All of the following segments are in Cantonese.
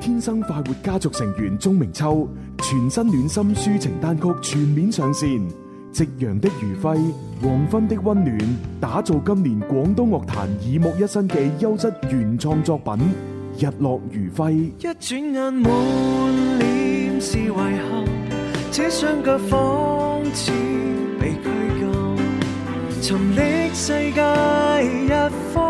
天生快活家族成員鍾明秋，全新暖心抒情單曲全面上線，《夕陽的餘暉》、《黃昏的溫暖》，打造今年廣東樂壇耳目一新嘅優質原創作品，《日落餘暉》。一轉眼滿臉是遺憾，這雙腳彷彿被拘禁，尋覓世界一方。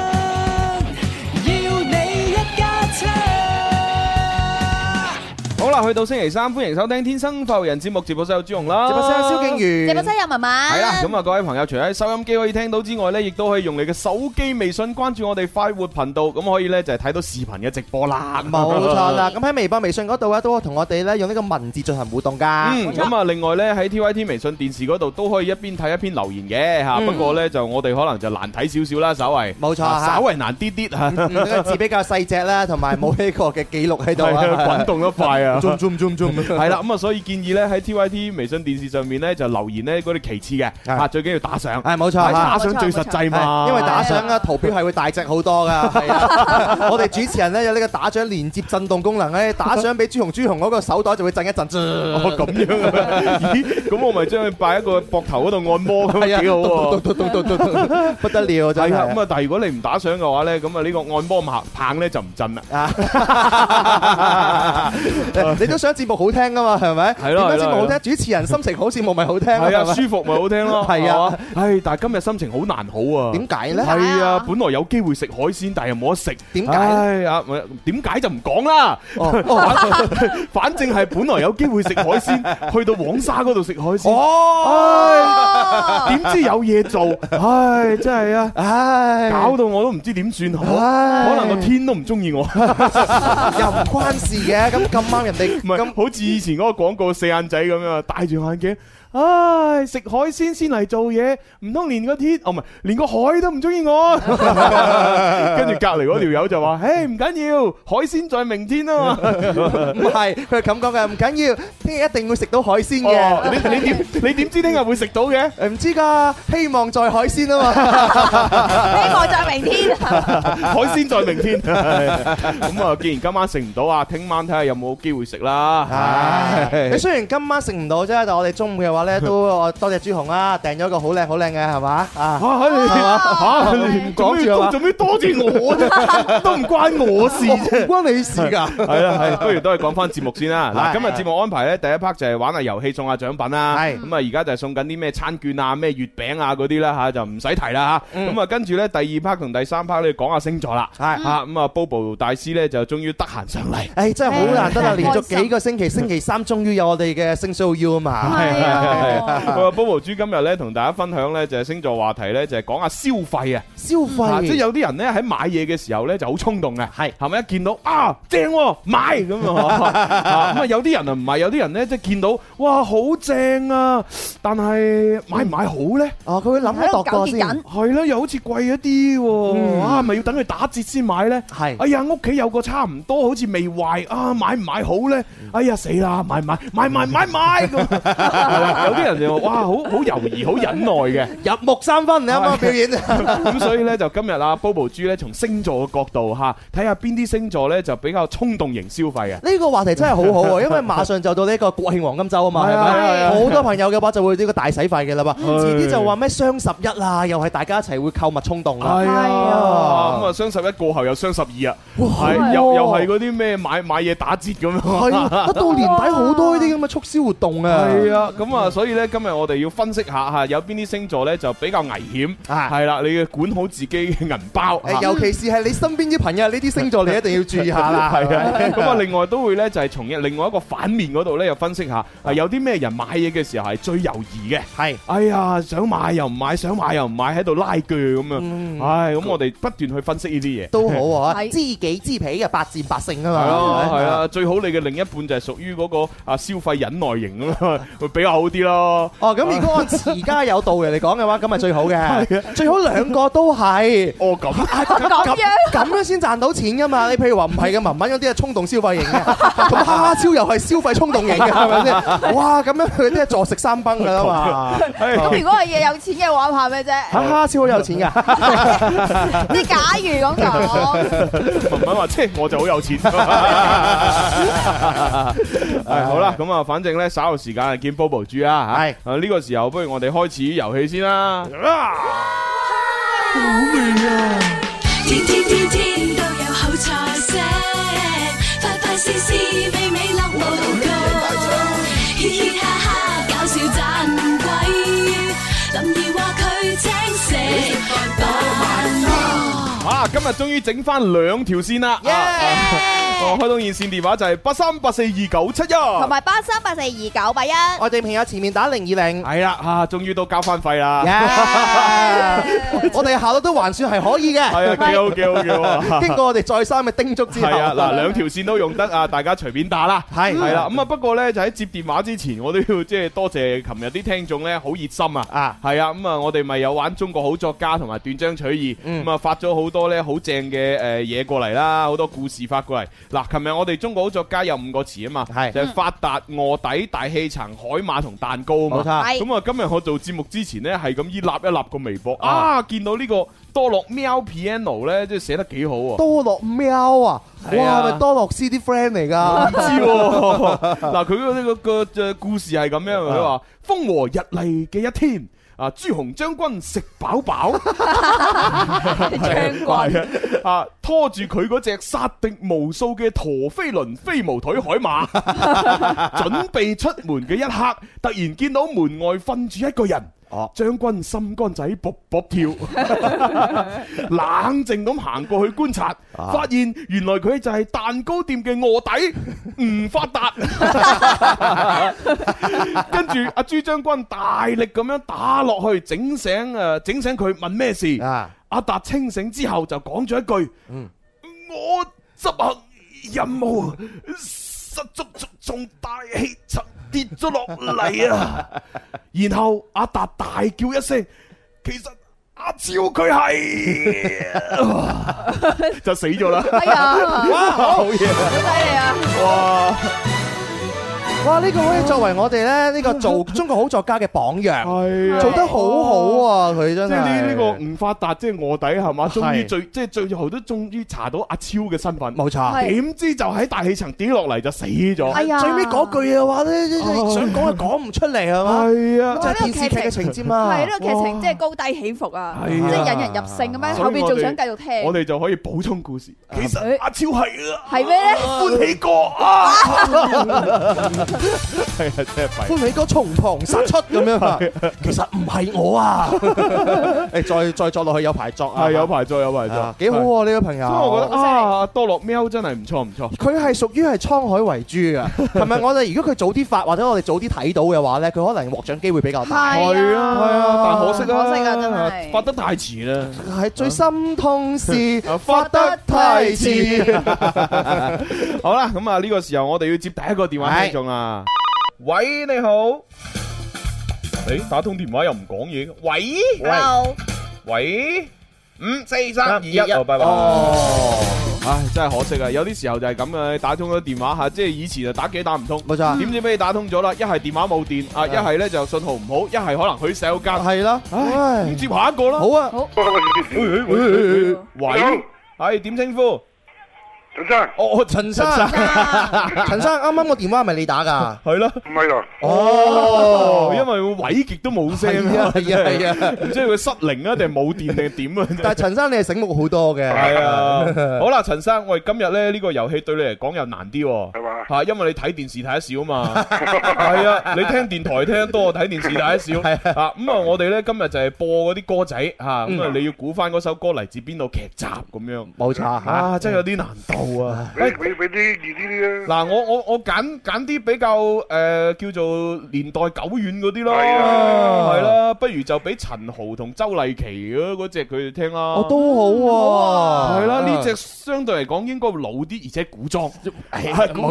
好啦，去到星期三，歡迎收聽《天生快活人》節目，直播室有朱紅啦，直播室有蕭敬如，直播室有文文。係啦，咁啊，各位朋友除咗收音機可以聽到之外咧，亦都可以用你嘅手機微信關注我哋快活頻道，咁可以咧就係睇到視頻嘅直播啦。冇錯啦，咁喺微博、微信嗰度咧，都可以同我哋咧用呢個文字進行互動㗎。嗯，咁啊，另外咧喺 T Y T 微信電視嗰度都可以一邊睇一邊留言嘅嚇。不過咧就我哋可能就難睇少少啦，稍微冇錯嚇，稍微難啲啲嚇，字比較細隻啦，同埋冇呢個嘅記錄喺度啊，滾動得快啊！做做做做係啦，咁啊，所以建議咧喺 T Y T 微信電視上面咧就留言呢嗰啲其次嘅，啊最緊要打賞，係冇錯，打賞最實際嘛，因為打賞咧圖標係會大隻好多噶。我哋主持人呢，有呢個打賞連接震動功能咧，打賞俾朱紅朱紅嗰個手袋就會震一震。哦，咁樣？咁我咪將佢擺喺個膊頭嗰度按摩咁啊，幾好，不得了就係。咁啊，但係如果你唔打賞嘅話咧，咁啊呢個按摩棒棒咧就唔震啦。你都想節目好聽㗎嘛，係咪？點解節目好聽？主持人心情好，節目咪好聽咯，舒服咪好聽咯。係啊，唉，但係今日心情好難好啊。點解咧？係啊，本來有機會食海鮮，但係又冇得食。點解？啊，點解就唔講啦。哦，反正係本來有機會食海鮮，去到黃沙嗰度食海鮮。哦，點知有嘢做？唉，真係啊，唉，搞到我都唔知點算好。可能個天都唔中意我。又唔關事嘅，咁咁啱人唔係，咁好似以前嗰個廣告四眼仔咁樣，戴住眼鏡。唉，食海鮮先嚟做嘢，唔通連個天，哦，唔係，連個海都唔中意我。跟住隔離嗰條友就話：唉，唔緊要，海鮮在明天啊嘛。唔係，佢係咁講嘅，唔緊要，聽日一定會食到海鮮嘅。你你點你點知聽日會食到嘅？唔知㗎，希望在海鮮啊嘛。希望在明天，海鮮在明天。咁啊，既然今晚食唔到啊，聽晚睇下有冇機會食啦。係。你雖然今晚食唔到啫，但係我哋中午嘅話。咧都多謝朱紅啊，訂咗個好靚好靚嘅係嘛啊吓，唔講住啊，做咩多謝我啫？都唔關我事，唔關你事噶。係啦，係，不如都係講翻節目先啦。嗱，今日節目安排咧，第一 part 就係玩下遊戲送下獎品啦。係咁啊，而家就係送緊啲咩餐券啊，咩月餅啊嗰啲啦吓，就唔使提啦吓。咁啊，跟住咧第二 part 同第三 part 咧，講下星座啦。係吓咁啊，Bobo 大師咧就終於得閒上嚟。誒，真係好難得啊！連續幾個星期，星期三終於有我哋嘅星 show U 啊嘛。係啊！波波豬今日咧同大家分享咧就係星座話題咧就係講下消費費啊，消費即係有啲人咧喺買嘢嘅時候咧就好衝動嘅，係係咪一見到啊正買咁啊？咁啊， 啊有啲人啊唔係，有啲人咧即係見到哇好正啊，但係買唔買好咧，嗯？啊佢會諗喺度糾結緊，係啦，嗯，又好似貴一啲，啊，係咪，嗯啊，要等佢打折先買咧？係是，哎呀屋企有個差唔多，好似未壞啊，買唔買好咧？哎呀死啦，買買買買買買咁。有啲人就話哇，好好猶豫、好忍耐嘅，入木三分你啱啱表演。咁所以咧，就今日啊，Bobo G 咧，從星座嘅角度吓睇下邊啲星座咧就比較衝動型消費嘅。呢個話題真係好好喎，因為馬上就到呢一個國慶黃金週啊嘛，好多朋友嘅話就會呢個大洗費嘅啦嘛。遲啲就話咩雙十一啦，又係大家一齊會購物衝動啦。係啊，咁啊雙十一過後又雙十二啊，又又係嗰啲咩買買嘢打折咁樣。係啊，到年底好多呢啲咁嘅促銷活動啊。係啊，咁啊。所以咧，今日我哋要分析下吓，有邊啲星座咧就比較危險，係啦，你要管好自己嘅銀包。尤其是係你身邊啲朋友呢啲星座，你一定要注意下啦。係啊，咁啊，另外都會咧就係從另外一個反面嗰度咧又分析下，係有啲咩人買嘢嘅時候係最猶豫嘅。係，哎呀，想買又唔買，想買又唔買，喺度拉鋸咁樣！唉，咁我哋不斷去分析呢啲嘢都好啊。知己知彼啊百戰百勝啊嘛。係啊，最好你嘅另一半就係屬於嗰個啊消費忍耐型咁啊，會比較好啲。咯哦，咁如果按持家有道嚟講嘅話，咁係最好嘅，最好兩個都係哦，咁，咁樣咁樣先賺到錢噶嘛？你譬如話唔係嘅，文文有啲係衝動消費型嘅，咁哈超又係消費衝動型嘅，係咪先？哇，咁樣佢啲坐食三崩噶啦嘛！咁如果係嘢有錢嘅話，怕咩啫？哈超好有錢噶，你假如咁講，文文話即係我就好有錢。誒，好啦，咁啊，反正咧稍後時間啊，見 Bobo 豬啊。係，啊呢個時候不如我哋開始遊戲先啦。今日終於整翻兩條線啦！我開通熱線電話就係八三八四二九七一，同埋八三八四二九八一。我哋朋友前面打零二零，係啦，終於都交翻費啦。我哋效率都還算係可以嘅。係啊，幾好幾好幾好啊！經過我哋再三嘅叮囑之後，嗱，兩條線都用得啊，大家隨便打啦。係係啦，咁啊，不過呢，就喺接電話之前，我都要即係多謝琴日啲聽眾呢。好熱心啊！啊，係啊，咁啊，我哋咪有玩中國好作家同埋斷章取義，咁啊發咗好多。好正嘅誒嘢過嚟啦，好多故事發過嚟。嗱，琴日我哋中國好作家有五個詞啊嘛，係是就係發達、臥底、大氣層、海馬同蛋糕。冇錯像，咁啊今日我做節目之前呢，係咁依立一立個微博啊，啊，見到呢、這個多樂喵 piano 咧，即係寫得幾好。多樂喵 piano, 啊，係咪多樂士啲 friend 嚟噶？唔 知、啊，嗱佢嗰啲個故事係咁樣，佢話、啊、風和日麗嘅一天。啊！朱紅將軍食飽飽，係啊！啊！拖住佢嗰隻殺敵無數嘅陀飛輪飛毛腿海馬， 準備出門嘅一刻，突然見到門外瞓住一個人。將、啊、軍，心肝仔卜卜跳，哈哈，冷靜咁行過去觀察，發現原來佢就係蛋糕店嘅臥底吳發達。哈哈哈哈，跟住阿朱將軍大力咁樣打落去，整醒誒、呃，整醒佢問咩事？阿達、啊啊、清醒之後就講咗一句：嗯、我執行任務失足仲大氣層。跌咗落嚟啊！然後阿達大叫一聲，其實阿超佢係就死咗啦！哎呀，好嘢，好犀利啊！哇！哇！呢個可以作為我哋咧呢個做中國好作家嘅榜樣，係啊，做得好好啊，佢真係呢呢個唔發達，即係臥底係嘛，終於最即係最後都終於查到阿超嘅身份冇錯，點知就喺大氣層跌落嚟，就死咗，最尾嗰句嘅話咧，你想講啊講唔出嚟啊嘛，係啊，就係電視劇嘅情節嘛，係呢個劇情即係高低起伏啊，即係引人入勝咁樣，後邊仲想繼續聽，我哋就可以補充故事。其實阿超係係咩咧？歡喜哥啊！係啊， 真係弊！歡喜哥從旁殺出咁樣，其實唔係我啊！誒， 再再作落去有排作啊！有排作, 作，有排作，幾好喎呢個朋友。我覺得啊，多樂喵真係唔錯唔錯。佢係屬於係滄海遺珠啊！係咪 我哋如果佢早啲發，或者我哋早啲睇到嘅話咧，佢可能獲獎機會比較大，係啊係啊！ 但可惜可惜啊，惜真係發得太遲啦！係 最心痛事， 發得太遲。 好啦，咁啊，呢個時候我哋要接第一個電話聽眾啊。啊，喂，你好，誒，打通電話又唔講嘢，喂，Hello，喂，五四三二一，哦，拜拜，唉，真係可惜啊，有啲時候就係咁嘅，打通咗電話吓，即係以前就打幾打唔通，冇錯，點知俾你打通咗啦，一係電話冇電啊，一係咧就信號唔好，一係可能佢 sell 間，係啦，唉，接下一個啦，好啊，好，喂，係點稱呼？陳生，哦，陳生，陳生，啱啱個電話係咪你打噶？係咯，唔係咯？哦，因為佢㩒極都冇聲，係啊，係啊，即係佢失靈啊，定係冇電定係點啊？但係陳生你係醒目好多嘅，係啊。好啦，陳生，我哋，今日咧呢個遊戲對你嚟講又難啲。因為你睇電視睇得少啊嘛，係啊，你聽電台聽得多，睇電視睇得少，啊。咁啊，我哋咧今日就係播嗰啲歌仔，嚇咁啊，你要估翻嗰首歌嚟自邊度劇集咁樣。冇錯，嚇真係有啲難度啊！俾俾俾啲易啲啲啦。嗱，我我我揀揀啲比較誒叫做年代久遠嗰啲咯，係啦，不如就俾陳豪同周麗淇嗰嗰隻佢哋聽啦。我都好啊，係啦，呢隻相對嚟講應該會老啲，而且古裝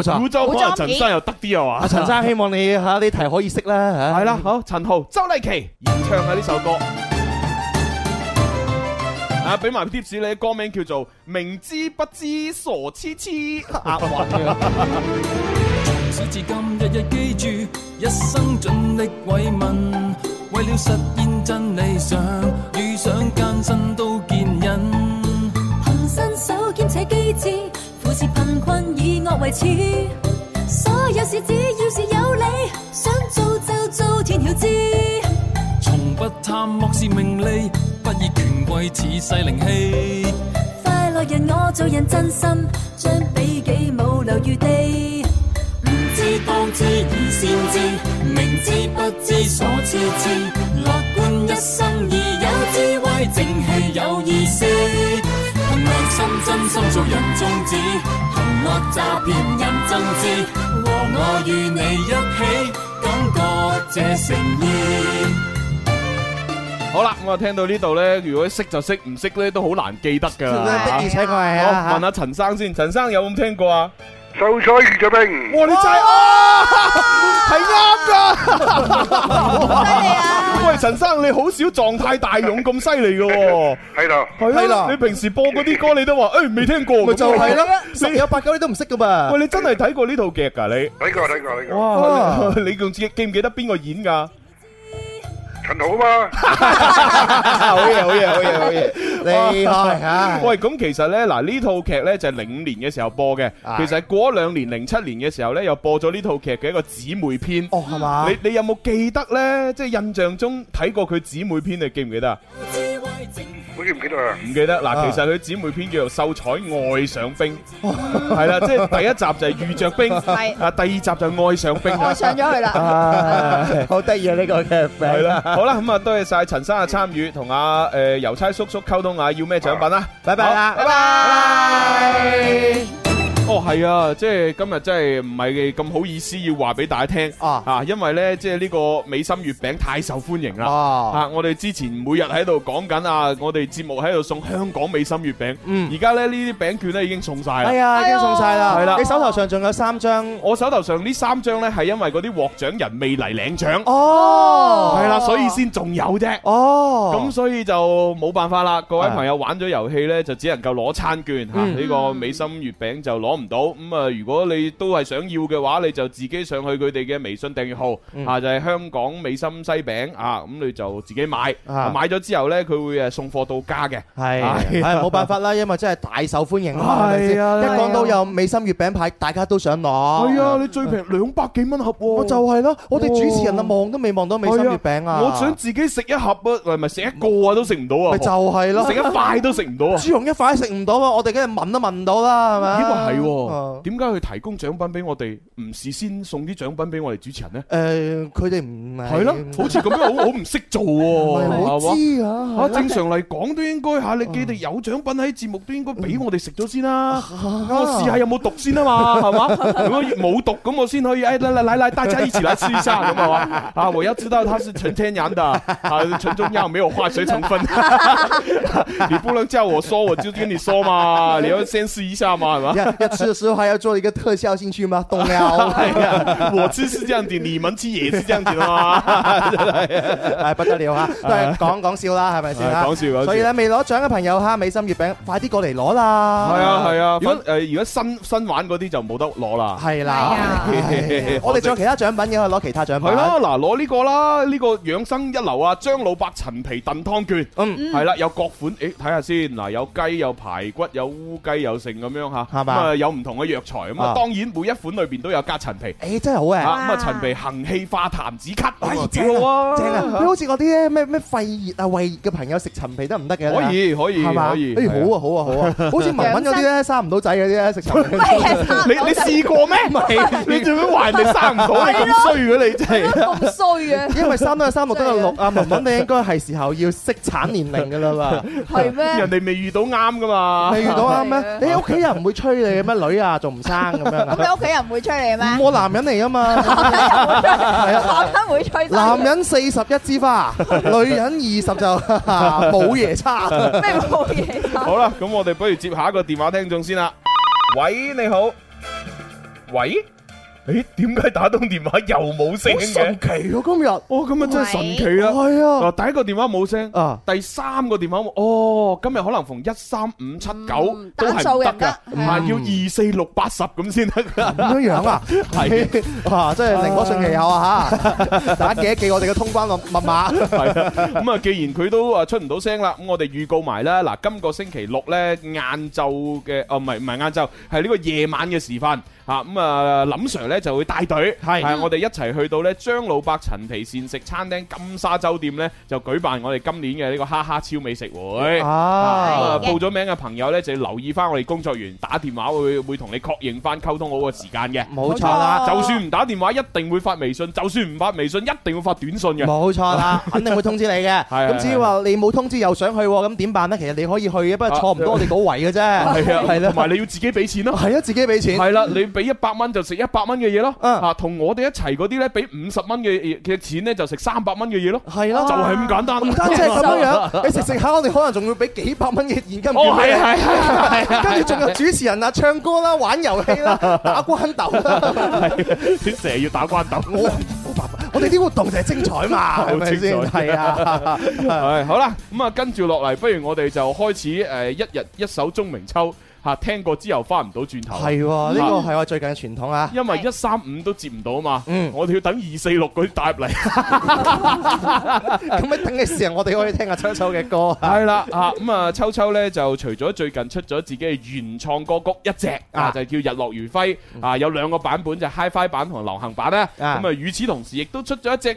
冇錯。好啊，可能陳生又得啲啊嘛！啊，陳生希望你下啲題可以識啦嚇。係、啊、啦，好，陳豪，周麗淇，演唱下呢首歌。啊，俾埋貼士，你歌名叫做《明知不知傻痴痴》。啊，話。從小至今，日日記住，一生盡力慰問，為了實現真理想，遇上艱辛都堅忍，憑身手兼且機智。無視貧困以惡為恥，所有事只要是有理，想做就做天曉知。從不貪慕是名利，不以權貴恃勢凌欺。快樂人我做人真心，將比己無留餘地。唔知當知以先知，明知不知所知之。樂觀一生而有智慧，正氣有意思。良心真心做人宗旨，同惡詐騙引爭執，和我與你一起，感覺這誠意。好啦，咁我聽到呢度咧，如果識就識，唔識咧都好難記得噶吓。而且佢係啊，啊問下陳生先，陳生有冇聽過啊？秀才遇着兵，哇你真係啊，係啱噶。喂，陳生你好少狀態大勇咁犀利噶喎，係啦，係啦。你平時播嗰啲歌，你都話誒未聽過，咪就係咯，十有八九你都唔識噶噃。喂，你真係睇過呢套劇噶？你睇過睇過睇過。哇，你仲記記唔記得邊個演噶？搵到嘛？好嘢，好嘢，好嘢，好嘢！厲害吓！喂，咁其實咧，嗱呢套劇咧就係零五年嘅時候播嘅。其實過咗兩年，零七年嘅時候咧又播咗呢套劇嘅一個姊妹篇。哦，係嘛？你你有冇記得咧？即係印象中睇過佢姊妹篇，你記唔記得啊？唔記得啦，唔記得嗱。其實佢姊妹篇叫做《秀才愛上兵》，係啦，即係第一集就係遇著兵，啊第二集就愛上兵，我上咗去啦，好得意啊呢個劇名。係啦，好啦，咁啊，多謝曬陳生嘅參與，同啊誒郵差叔叔溝通下，要咩獎品啊，拜拜啦，拜拜。哦，係啊，即係今日真係唔係咁好意思要話俾大家聽啊，因為呢，即係呢個美心月餅太受歡迎啦啊！我哋之前每日喺度講緊啊，我哋節目喺度送香港美心月餅，嗯，而家呢呢啲餅券呢已經送晒啦，係啊，已經送晒啦，係啦。你手頭上仲有三張？我手頭上呢三張呢係因為嗰啲獲獎人未嚟領獎哦，係啦，所以先仲有啫哦，咁所以就冇辦法啦。各位朋友玩咗遊戲呢，就只能夠攞餐券吓，呢個美心月餅就攞唔到咁啊！如果你都係想要嘅話，你就自己上去佢哋嘅微信訂閱號啊，就係香港美心西餅啊，咁你就自己買，買咗之後咧，佢會誒送貨到家嘅。係係冇辦法啦，因為真係大受歡迎啊！係啊，一講到有美心月餅派，大家都想攞。係啊，你最平兩百幾蚊盒，我就係啦。我哋主持人啊，望都未望到美心月餅啊！我想自己食一盒啊，咪咪食一個啊，都食唔到啊！咪就係咯，食一塊都食唔到啊！朱紅一塊都食唔到啊！我哋梗係聞都聞唔到啦，係咪？呢個係。點解佢提供獎品俾我哋？唔事先送啲獎品俾我哋主持人呢？誒，佢哋唔係係咯，好似咁樣，我我唔識做喎。知啊，正常嚟講都應該吓你，記得有獎品喺節目都應該俾我哋食咗先啦。我試下有冇毒先啊嘛，係嘛？如果冇毒，咁我先可以，哎，嚟嚟，大家一起來吃一下，好嘛？啊，我要知道它是純天然的，啊，純中藥沒有化學成分。你不能叫我說，我就跟你說嘛，你要先試一下嘛，係嘛？食嘅時候還要做一個特效進去嗎？懂啦，我吃是這樣子，你們吃也是這樣子嗎？來不得了啊！都係講講笑啦，係咪先？講笑，所以咧未攞獎嘅朋友哈，美心月餅快啲過嚟攞啦！係啊係啊，如果誒如果新新玩嗰啲就冇得攞啦。係啦，我哋仲有其他獎品嘅可以攞其他獎品。係啦，嗱，攞呢個啦，呢個養生一流啊，張老伯陳皮燉湯券。嗯，係啦，有各款，誒，睇下先，嗱，有雞有排骨有烏雞有剩咁樣吓，咁啊。有唔同嘅藥材咁啊，當然每一款裏邊都有加陳皮，誒真係好啊！咁啊陳皮行氣化痰止咳，正喎正啊！好似嗰啲咩咩肺熱啊胃熱嘅朋友食陳皮得唔得嘅？可以可以可以，好啊好啊好啊！好似文文嗰啲咧生唔到仔嗰啲咧食陳皮，你你試過咩？唔係，你做乜話人哋生唔到？你咁衰嘅你真係咁衰嘅，因為三都有三六都有六啊，文文你應該係時候要適產年齡嘅啦嘛？係咩？人哋未遇到啱噶嘛？未遇到啱咩？你屋企人唔會催你女啊，仲唔生咁樣？咁 你屋企人唔會出嚟咩？我男人嚟啊嘛，男人會出嚟，男人四十一枝花，女人二十就母夜叉。咩母夜叉？ 好啦，咁我哋不如接下一個電話聽眾先啦。喂，你好，喂。誒，點解打通電話又冇聲嘅？神奇咯，今日哦，咁啊真係神奇啦，係啊！嗱，第一個電話冇聲，啊，第三個電話哦，今日可能逢一三五七九都係得噶，唔係要二四六八十咁先得嘅咩樣啊？係啊，真係寧可信其有啊吓！大家記一記我哋嘅通關密碼。係啊，咁啊，既然佢都啊出唔到聲啦，咁我哋預告埋啦。嗱，今個星期六咧，晏晝嘅哦，唔係唔係晏晝，係呢個夜晚嘅時分。啊咁啊，林 sir 咧就會帶隊，係我哋一齊去到咧張老伯陳皮膳食餐廳金沙洲店咧，就舉辦我哋今年嘅呢個哈哈超美食會。啊，咁啊報咗名嘅朋友咧，就要留意翻我哋工作員打電話會會同你確認翻溝通好個時間嘅。冇錯啦，就算唔打電話，一定會發微信；就算唔發微信，一定會發短信嘅。冇錯啦，肯定會通知你嘅。咁至於話你冇通知又想去，咁點辦咧？其實你可以去嘅，不過錯唔多我哋嗰圍嘅啫。係啊，係啦，同埋你要自己俾錢咯。係啊，自己俾錢。係啦，你。俾一百蚊就食一百蚊嘅嘢咯，啊，同我哋一齊嗰啲咧，俾五十蚊嘅嘅錢咧就食三百蚊嘅嘢咯，係咯，就係咁簡單，唔單止係咁樣，你食食下我哋可能仲會俾幾百蚊嘅現金券，哦係係，跟住仲有主持人啊，唱歌啦，玩遊戲啦，打關斗啦，你成日要打關斗，我我白，我哋啲活動就係精彩嘛，係咪先？係啊，係好啦，咁啊跟住落嚟，不如我哋就開始誒，一日一首鍾明秋。吓，聽過之後翻唔到轉頭。係喎，呢個係我最近嘅傳統啊。因為一三五都接唔到啊嘛。嗯，我哋要等二四六嗰啲帶入嚟。咁咪等嘅時候，我哋可以聽下秋秋嘅歌。係啦，啊咁啊，秋秋呢就除咗最近出咗自己嘅原創歌曲一隻啊，就叫《日落如輝》啊，有兩個版本，就 HiFi 版同流行版啦。咁啊，與此同時，亦都出咗一隻。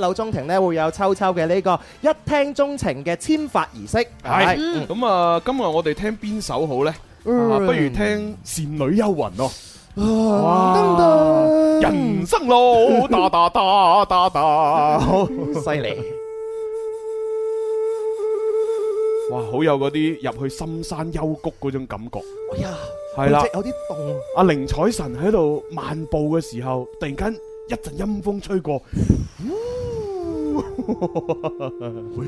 柳中庭呢會有秋秋嘅呢、這個一聽鐘情嘅簽發儀式，係咁啊！今日我哋聽邊首好呢？嗯啊、不如聽《倩女幽魂、啊》咯。人生路，噠噠噠噠噠，好犀利！哇，好有嗰啲入去深山幽谷嗰種感覺。哎呀，係啦，即有啲凍。阿寧采臣喺度漫步嘅時候，突然間一陣陰風吹過。 喂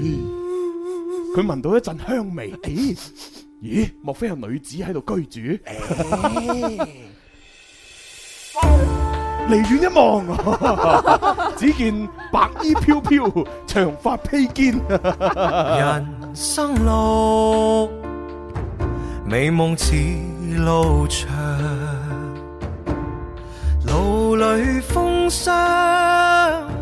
佢聞 到一陣香味，咦、哎、咦？莫非有女子喺度居住？離 遠 一望， 只見白衣飄飄，長髮披肩。 人生路，美夢似路長，路裏風霜。.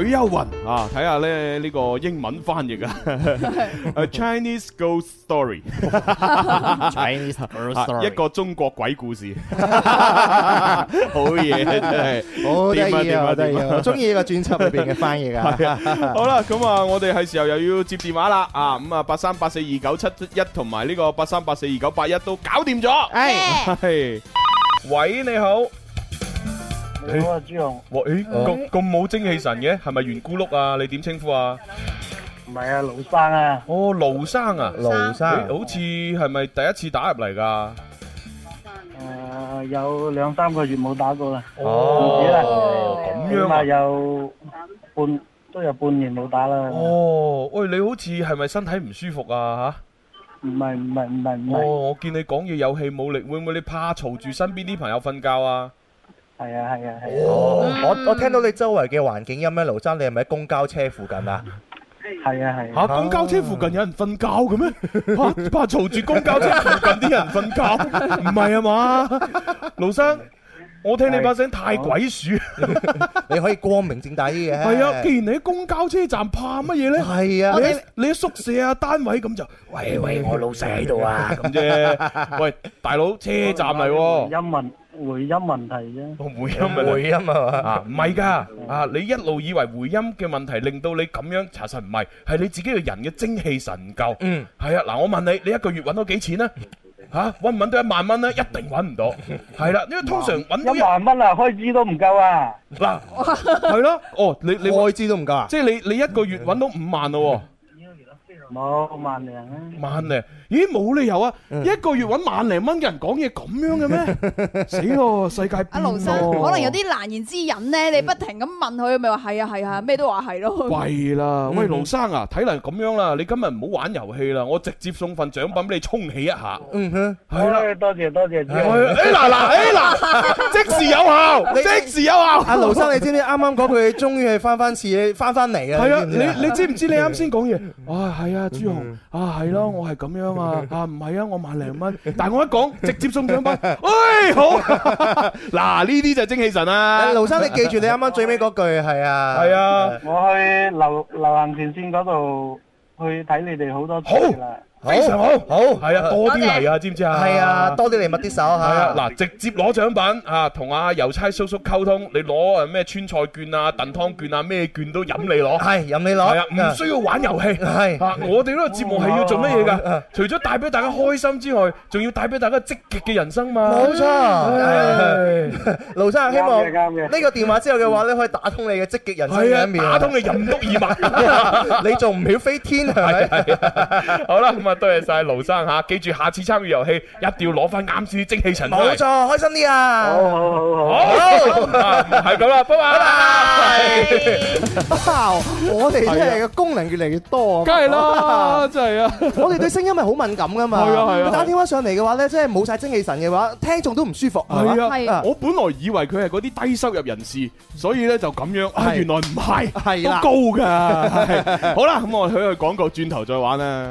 《倩女幽魂》啊，睇下咧呢、這個英文翻譯啊，《 Chinese Ghost Story 》 啊，一個中國鬼故事， 好嘢，真係，好得意，我中意呢個專輯裏邊嘅翻譯啊， 啊。好啦，咁啊，我哋係時候又要接電話啦啊，咁、嗯、啊，八三八四二九七一，同埋呢個八三八四二九八一都搞掂咗。係，Hey. 喂，你好。你好啊，朱紅。我誒，咁咁冇精氣神嘅，係咪圓咕碌啊？你點稱呼啊？唔係啊，盧生啊。哦，盧生啊，盧生，好似係咪第一次打入嚟噶？誒，有兩三個月冇打過啦。哦，咁樣啊。唔係有半，都有半年冇打啦。哦，喂，你好似係咪身體唔舒服啊？吓，唔係唔係唔係唔係。哦，我見你講嘢有氣冇力，會唔會你怕嘈住身邊啲朋友瞓覺啊？係啊，係啊，係。我我聽到你周圍嘅環境音咧，盧生，你係咪喺公交車附近啊？係啊，係。吓，公交車附近有人瞓覺嘅咩？怕嘈住公交車附近啲人瞓覺，唔係啊嘛？盧生，我聽你把聲太鬼鼠，你可以光明正大啲嘅。係啊，既然你喺公交車站，怕乜嘢咧？係啊，你你喺宿舍啊，單位咁就喂喂，我老細喺度啊，咁啫。喂，大佬，車站嚟。陰文。回音問題啫，回音啊嘛，啊唔係噶，啊你一路以為回音嘅問題令到你咁樣，查實唔係，係你自己嘅人嘅精氣神唔夠，嗯，係啊，嗱我問你，你一個月搵到幾錢呢？吓，搵唔搵到一萬蚊呢？一定搵唔到，係啦，因為通常搵到一萬蚊啊，開支都唔夠啊，嗱，係咯，哦，你你開支都唔夠啊，即係你你一個月搵到五萬咯喎，冇，萬零啊，萬零。咦冇理由啊！一個月搵萬零蚊嘅人講嘢咁樣嘅咩？死咯！世界阿盧生可能有啲難言之隱咧，你不停咁問佢，咪話係啊係啊，咩都話係咯。係啦，喂盧生啊，睇嚟咁樣啦，你今日唔好玩遊戲啦，我直接送份獎品俾你沖起一下。嗯哼，係啦，多謝多謝。誒，嗱嗱，誒嗱，即時有效，即時有效。阿盧生你知唔知啱啱講句，終於係翻翻次，翻翻嚟啊？係啊，你你知唔知你啱先講嘢？啊係啊，朱紅啊係咯，我係咁樣。 啊，唔係啊，我萬零蚊，但係我一講直接送獎品，喂， 好、啊，嗱呢啲就係精氣神啊！盧 生你記住你啱啱最尾嗰句係 啊，係啊，我去流流行前線嗰度去睇你哋好多次啦。非常好好係啊，多啲嚟啊，知唔知啊？係啊，多啲嚟，抹啲手吓。係啊，嗱，直接攞獎品吓，同阿郵差叔叔溝通，你攞誒咩川菜券啊、燉湯券啊，咩券都任你攞。係任你攞，係啊，唔需要玩遊戲。係我哋呢個節目係要做乜嘢噶？除咗帶俾大家開心之外，仲要帶俾大家積極嘅人生嘛。冇錯，盧生希望呢個電話之後嘅話咧，可以打通你嘅積極人生，打通你任督二脈，你做唔曉飛天係咪？好啦。多謝晒盧生吓，記住下次參與遊戲，一定要攞翻啱先精氣神。冇錯，開心啲啊！好好好，好係咁啦，拜拜。我哋真係嘅功能越嚟越多，梗係啦，真係啊！我哋對聲音係好敏感噶嘛，係啊係啊。打電話上嚟嘅話咧，即係冇晒精氣神嘅話，聽眾都唔舒服。係啊，我本來以為佢係嗰啲低收入人士，所以咧就咁樣，原來唔係，係都高噶。好啦，咁我哋去去廣告，轉頭再玩啦。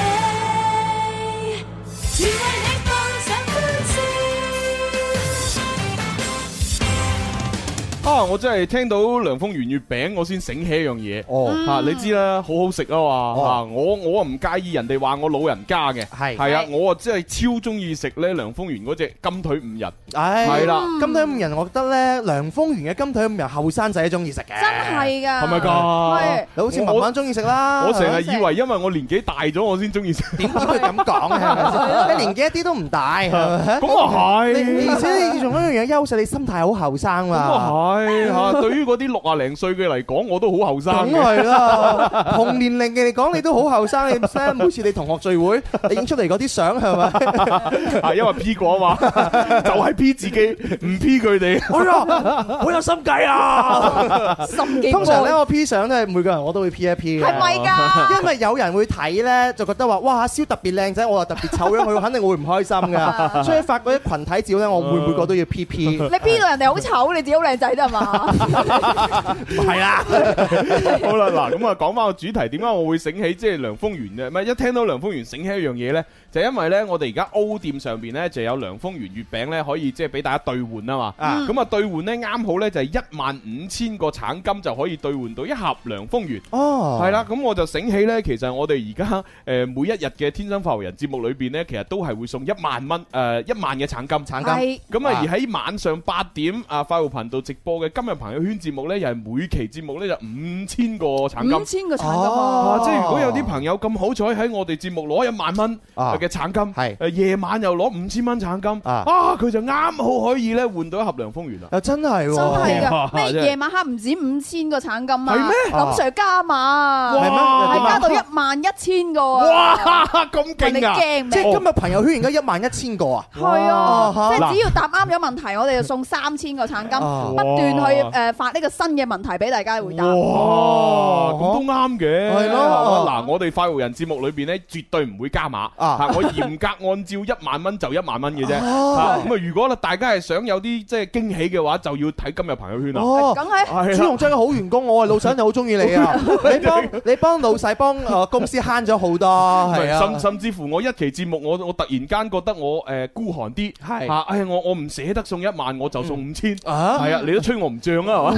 啊！我真係聽到梁風圓月餅，我先醒起一樣嘢。哦，吓，你知啦，好好食啊嘛。吓，我我唔介意人哋話我老人家嘅。係係啊，我啊真係超中意食咧梁風圓嗰隻金腿五仁，係啦，金腿五仁，我覺得咧梁風圓嘅金腿五仁後生仔都中意食嘅。真係噶，係咪噶？你好似文文中意食啦。我成日以為因為我年紀大咗，我先中意食。點點解咁講？你年紀一啲都唔大。咁啊係。而且你仲有一樣嘢優勢，你心態好後生啦。啊係啊、哎，對於嗰啲六啊零歲嘅嚟講，我都好後生。梗係啦，同年齡嘅嚟講，你都好後生。你 Sam，每次你同學聚會，你影出嚟嗰啲相係咪？係 因為 P 過啊嘛，就係、是、P 自己，唔 P 佢哋。哎呀，好有心計啊！心通常咧，我 P 相都係每個人我都會 P 一 P 嘅。係咪噶？因為有人會睇咧，就覺得話哇，蕭特別靚仔，我又特別醜，因佢 肯定我會唔開心噶。 所以發嗰啲群體照咧，我會每個都要 P P。 你 P 到人哋好醜，你自己好靚仔。係嘛？唔係啦。好啦，嗱，咁啊，講翻個主題，點解我會醒起，即係梁風源，咧？唔係一聽到梁風源醒起一樣嘢咧。就因為呢，我哋而家 O 店上邊呢，就有涼風圓月餅呢，可以即係俾大家兌換啊嘛。咁啊兌換呢，啱好呢，就係一萬五千個橙金就可以兌換到一盒涼風圓。哦，係啦，咁我就醒起呢，其實我哋而家誒每一日嘅天生快活人節目裏邊呢，其實都係會送一萬蚊誒一萬嘅橙金。橙金。咁是就啊而喺晚上八點啊快活頻道直播嘅今日朋友圈節目呢，又係每期節目呢，就五千個橙金。五千個橙金。哦、啊，即係如果有啲朋友咁好彩喺我哋節目攞一萬蚊。啊啊嘅橙金係，夜晚又攞五千蚊橙金，啊，佢就啱好可以咧換到一盒涼風丸啊！真係，真係嘅咩？夜晚黑唔止五千個橙金啊！係咩？林 Sir 加碼啊，係加到一萬一千個啊！哇，咁勁啊！你驚咩？即係今日朋友圈而家一萬一千個啊！係啊，即係只要答啱咗問題，我哋就送三千個橙金，不斷去誒發呢個新嘅問題俾大家回答。哇，咁都啱嘅，係咯，嗱，我哋快活人節目裏邊咧，絕對唔會加碼啊！我嚴格按照一萬蚊就一萬蚊嘅啫，咁啊！如果大家係想有啲即係驚喜嘅話，就要睇今日朋友圈啦。哦，梗係，朱洪章嘅好員工，我係老闆就好中意你啊！你幫你幫老細幫啊公司慳咗好多，係啊！甚甚至乎我一期節目，我我突然間覺得我誒孤寒啲，係啊！哎呀，我我唔捨得送一萬，我就送五千，係啊！你都吹我唔漲啊，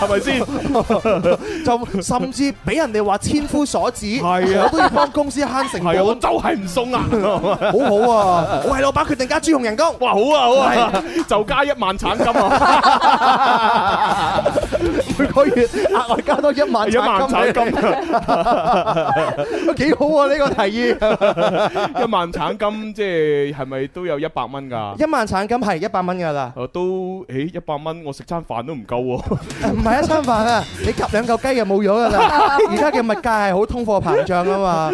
係咪先？就甚至俾人哋話千夫所指，係啊！我都要幫公司慳。係我就係唔送啊， 好好啊！我係老闆，決定加豬紅人工。哇，好啊好啊， 就加一萬產金啊！ 每個月額外加多一萬，一萬產金，幾好啊！呢個提議，一萬產金即係係咪都有一百蚊噶？一萬產金係一百蚊噶啦。都誒、欸、一百蚊，我食餐飯都唔夠喎。唔係一餐飯啊， 飯你夾兩嚿雞又冇咗噶啦。而家嘅物價係好通貨膨脹啊嘛。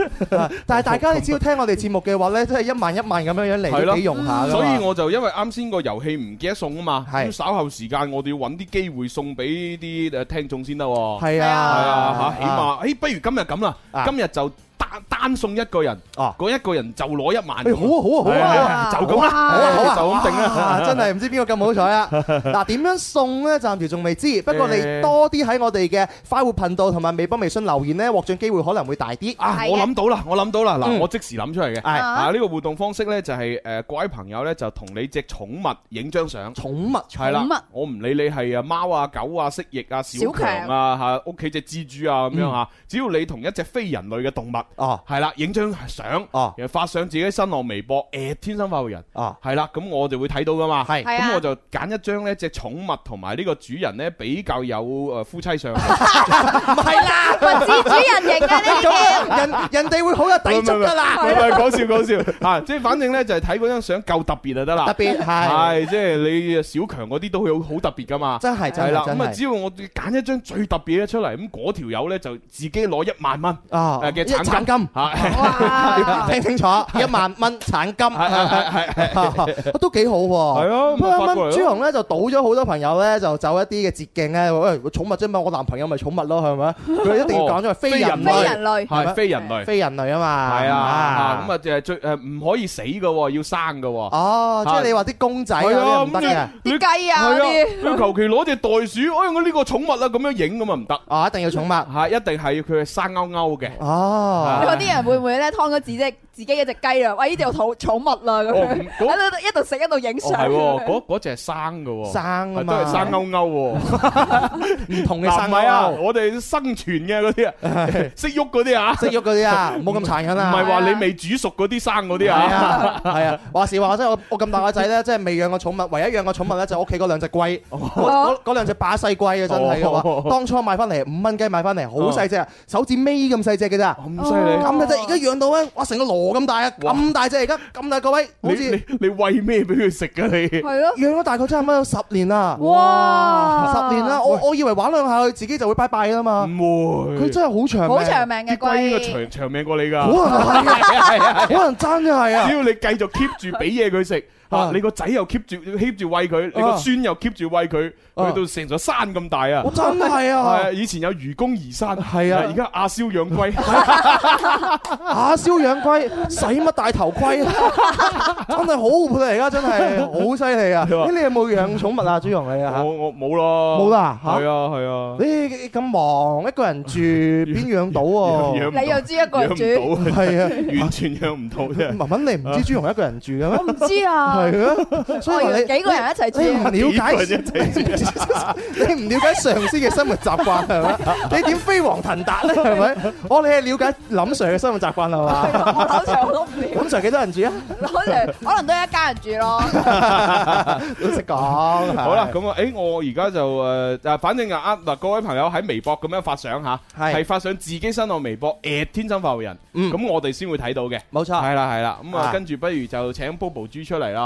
但係大家你只要聽我哋節目嘅話呢，都係一萬一萬咁樣樣嚟自用下。的所以我就因為啱先個遊戲唔記得送啊嘛，的稍後時間我哋要揾啲機會送俾啲聽眾先得。係啊，係啊，起碼，哎的，不如今日咁啦，的今日就。單單送一個人，啊，嗰一個人就攞一萬。好啊好啊好啊，就咁啦，好啊好就咁定啦，真係唔知邊個咁好彩啊。嗱點樣送呢？暫時仲未知，不過你多啲喺我哋嘅快活頻道同埋微博微信留言呢，獲獎機會可能會大啲。啊，我諗到啦，我諗到啦。嗱，我即時諗出嚟嘅。啊，呢個互動方式呢，就係誒各位朋友呢，就同你隻寵物影張相。寵物。寵物。我唔理你係啊貓啊狗啊蜥蜴啊小強啊吓屋企隻蜘蛛啊咁樣吓，只要你同一隻非人類嘅動物。哦，係啦，影張相，哦，發上自己新浪微博，誒，天生快活人，哦，係啦，咁我就會睇到噶嘛，係，咁我就揀一張咧隻寵物同埋呢個主人咧比較有誒夫妻相，唔係啦，唔係主人型嘅呢啲，人人哋會好有抵觸噶啦，唔係講笑講笑，吓，即係反正咧就係睇嗰張相夠特別就得啦，特別係，係，即係你小強嗰啲都會有好特別噶嘛，真係，係啦，咁啊只要我揀一張最特別嘅出嚟，咁嗰條友咧就自己攞一萬蚊，啊，嘅產品。產金，聽啦，聽清楚，一萬蚊產金，係係係係，都幾好喎。係咯，不過朱紅咧就倒咗好多朋友咧，就走一啲嘅捷徑咧。喂，寵物啫嘛，我男朋友咪寵物咯，係咪？佢一定要講咗，係非人類，係非人類，非人類啊嘛。係啊，咁啊，誒最誒唔可以死噶，要生噶。哦，即係你話啲公仔啊，唔得嘅，啲雞啊嗰啲，要求其攞隻袋鼠，我用我呢個寵物啦，咁樣影咁啊唔得。啊，一定要寵物，係一定係要佢生勾勾嘅。哦。嗰啲人會唔會咧劏個紫色？自己嘅隻雞啊，喂，呢隻我寵寵物啦，咁樣喺度一度食一度影相。係喎，嗰嗰生嘅喎，生啊嘛，係生勾勾喎，唔同嘅生勾勾。我哋生存嘅嗰啲啊，識喐嗰啲啊，識喐嗰啲啊，冇咁殘忍啦。唔係話你未煮熟嗰啲生嗰啲啊，係啊，係啊。話時話即係我我咁大個仔咧，即係未養過寵物，唯一養過寵物咧就屋企嗰兩隻龜，嗰嗰兩隻把細龜啊，真係嘅當初買翻嚟五蚊雞買翻嚟，好細隻，手指尾咁細隻嘅咋，咁犀利，咁嘅啫。而家養到咧，哇！成個羅我咁大啊，咁大隻而家，咁哇大個位，好似你餵咩俾佢食噶你？係咯，啊、養咗大概差唔多有十年啦，哇，十年啦，喂我我以為玩兩下佢自己就會拜拜噶嘛，唔會喂，佢真係好長，長，貴長，好長命嘅龜，個長長命過你㗎，可能係啊，可能真係啊， 只要你繼續 keep 住俾嘢佢食。 啊！你個仔又 keep 住 keep 住餵佢，你個孫又 keep 住餵佢，去到成座山咁大啊！真係啊！以前有愚公移山，係啊，而家阿蕭養龜，阿蕭養龜使乜戴頭盔啊？真係好佩服啊！而家真係好犀利啊！你有冇養寵物啊？朱雄你啊？我我冇啦，冇啦吓，係啊係啊！你咁忙，一個人住邊養到？啊？你又知一個人住係啊？完全養唔到啊！文文你唔知朱雄一個人住嘅咩？我唔知啊！係啊，所以你幾個人一齊住你唔瞭解，你唔瞭解上司嘅生活習慣係咪？你點飛黃騰達咧係咪？我你係瞭解林 Sir 嘅生活習慣係嘛？林 Sir 都唔瞭解。林 Sir 幾多人住啊？可能都一家人住咯。老實講，好啦咁啊！誒，我而家就誒，但反正啊嗱，各位朋友喺微博咁樣發相吓，係發上自己新浪微博 at 天生快活人，咁我哋先會睇到嘅。冇錯，係啦係啦，咁啊跟住不如就請 Bobo 豬出嚟啦。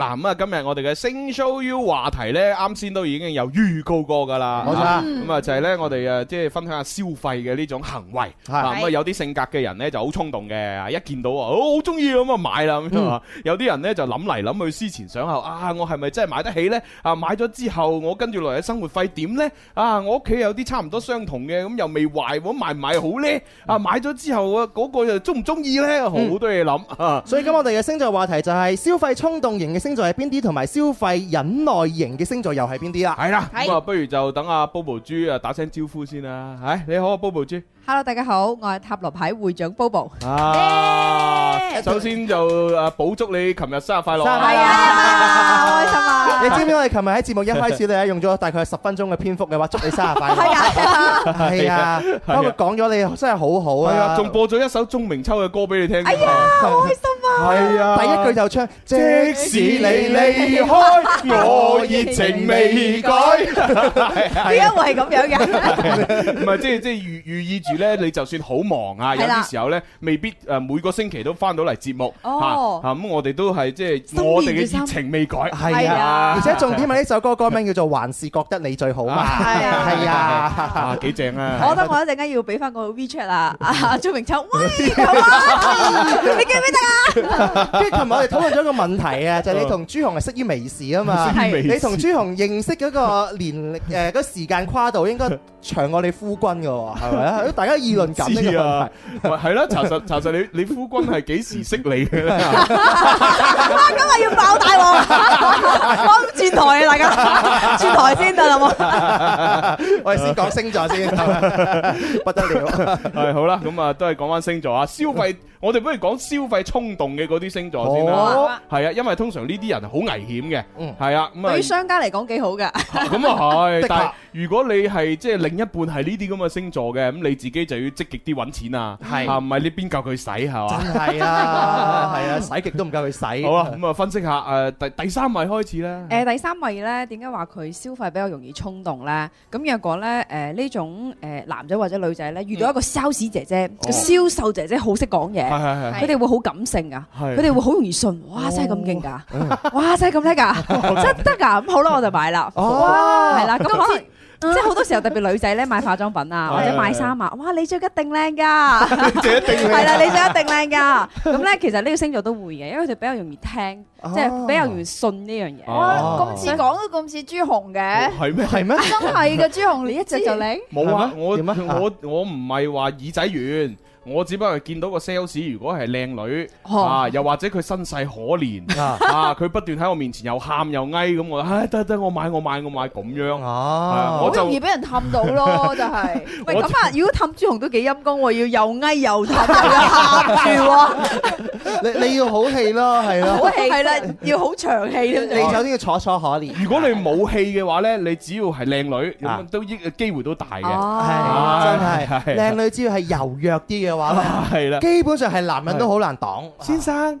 嗱咁啊，今日我哋嘅星 show you 話題咧，啱先都已經有預告過噶啦，冇錯、嗯。咁啊，就係呢，我哋啊，即係分享下消費嘅呢種行為，啊咁、嗯、啊，嗯、有啲性格嘅人呢就好衝動嘅，一見到啊，好中意咁啊買啦、嗯、有啲人呢就諗嚟諗去思前想後，啊，我係咪真係買得起呢？啊，買咗之後我跟住落嚟嘅生活費點呢？啊，我屋企有啲差唔多相同嘅，咁又未壞喎，買唔買好呢？啊，買咗之後個嗰、那個又中唔中意呢？好多嘢諗、嗯啊、所以今日我哋嘅星座話題就係消費衝動型嘅星座。星座係邊啲，同埋消費忍耐型嘅星座又係邊啲啦？係啦，咁啊，不如就等阿 Bobo 豬啊打聲招呼先啦。唉、哎，你好啊，Bobo 豬。Hello，大家好，我係塔羅牌會長 Bobo。啊，首先就啊，補祝你琴日生日快樂！生日快樂，你知唔知我哋琴日喺節目一開始，你用咗大概十分鐘嘅篇幅嘅話，祝你生日快樂。係啊，係啊，包括講咗你真係好好啊，仲播咗一首鐘明秋嘅歌俾你聽。哎呀，好開心啊！係啊，第一句就唱，即使你離開我，熱情未改。點解會係咁樣嘅？唔係即係即係喻寓意住。咧你就算好忙啊，有啲時候咧未必誒每個星期都翻到嚟節目嚇嚇咁，我哋都係即係我哋嘅熱情未改。係啊，而且重點係呢首歌歌名叫做還是覺得你最好嘛，係啊，係啊，幾正啊！我覺得我一陣間要俾翻個 WeChat 啦，朱明秋喂，你記唔記得啊？即係琴日我哋討論咗一個問題啊，就係你同朱紅係識於微時啊嘛，你同朱紅認識嗰個年齡誒嗰時間跨度應該長過你夫君噶喎，係咪啊？大家議論緊啊！係啦，查實查實，實你你夫君係幾時識你嘅咧？咁係 要爆大鑊，啊，我 唔轉台啊！大家 轉台先得啦，好冇？我，先講星座先，嗯、 不得了、 哎！係好啦，咁啊，都係講翻星座啊，消費。我哋不如講消費衝動嘅嗰啲星座先啦，係啊，因為通常呢啲人係好危險嘅，係啊，對於商家嚟講幾好噶，咁啊係，但係如果你係即係另一半係呢啲咁嘅星座嘅，咁你自己就要積極啲搵錢啊，係啊，唔係你邊夠佢使係嘛？真係啊，係啊，使極都唔夠佢使，好啊，咁啊分析下誒第第三位開始啦，誒第三位咧點解話佢消費比較容易衝動咧？咁若果咧誒呢種誒男仔或者女仔咧遇到一個 sales 姐姐，銷售姐姐好識講嘢。係係係，佢哋會好感性噶，佢哋會好容易信，哇！真係咁勁噶，哇！真係咁叻噶，真得噶，咁好啦，我就買啦，哇！係啦，咁可即係好多時候特別女仔咧買化妝品啊或者買衫啊，哇！你着嘅一定靚噶，係啦，你着一定靚噶，咁咧其實呢個星座都會嘅，因為佢哋比較容易聽，即係比較容易信呢樣嘢。哇！咁似講都咁似朱紅嘅，係咩？係咩？真係嘅朱紅，你一隻就靚。冇啊，我我我唔係話耳仔軟。我只不過見到個 sales 如果係靚女啊，又或者佢身世可憐啊，佢不斷喺我面前又喊又嗌咁，我唉得得我買我買我買咁樣啊，我就好容易俾人氹到咯，就係喂咁啊！如果氹朱紅都幾陰功喎，要又嗌又氹又吓住，你你要好戲咯，係咯，好戲係啦，要好長戲添。你首先要楚楚可憐。如果你冇戲嘅話咧，你只要係靚女，都益機會都大嘅。係真係靚女，只要係柔弱啲嘅。嘅話啦，係啦，基本上係男人都好難擋。先生。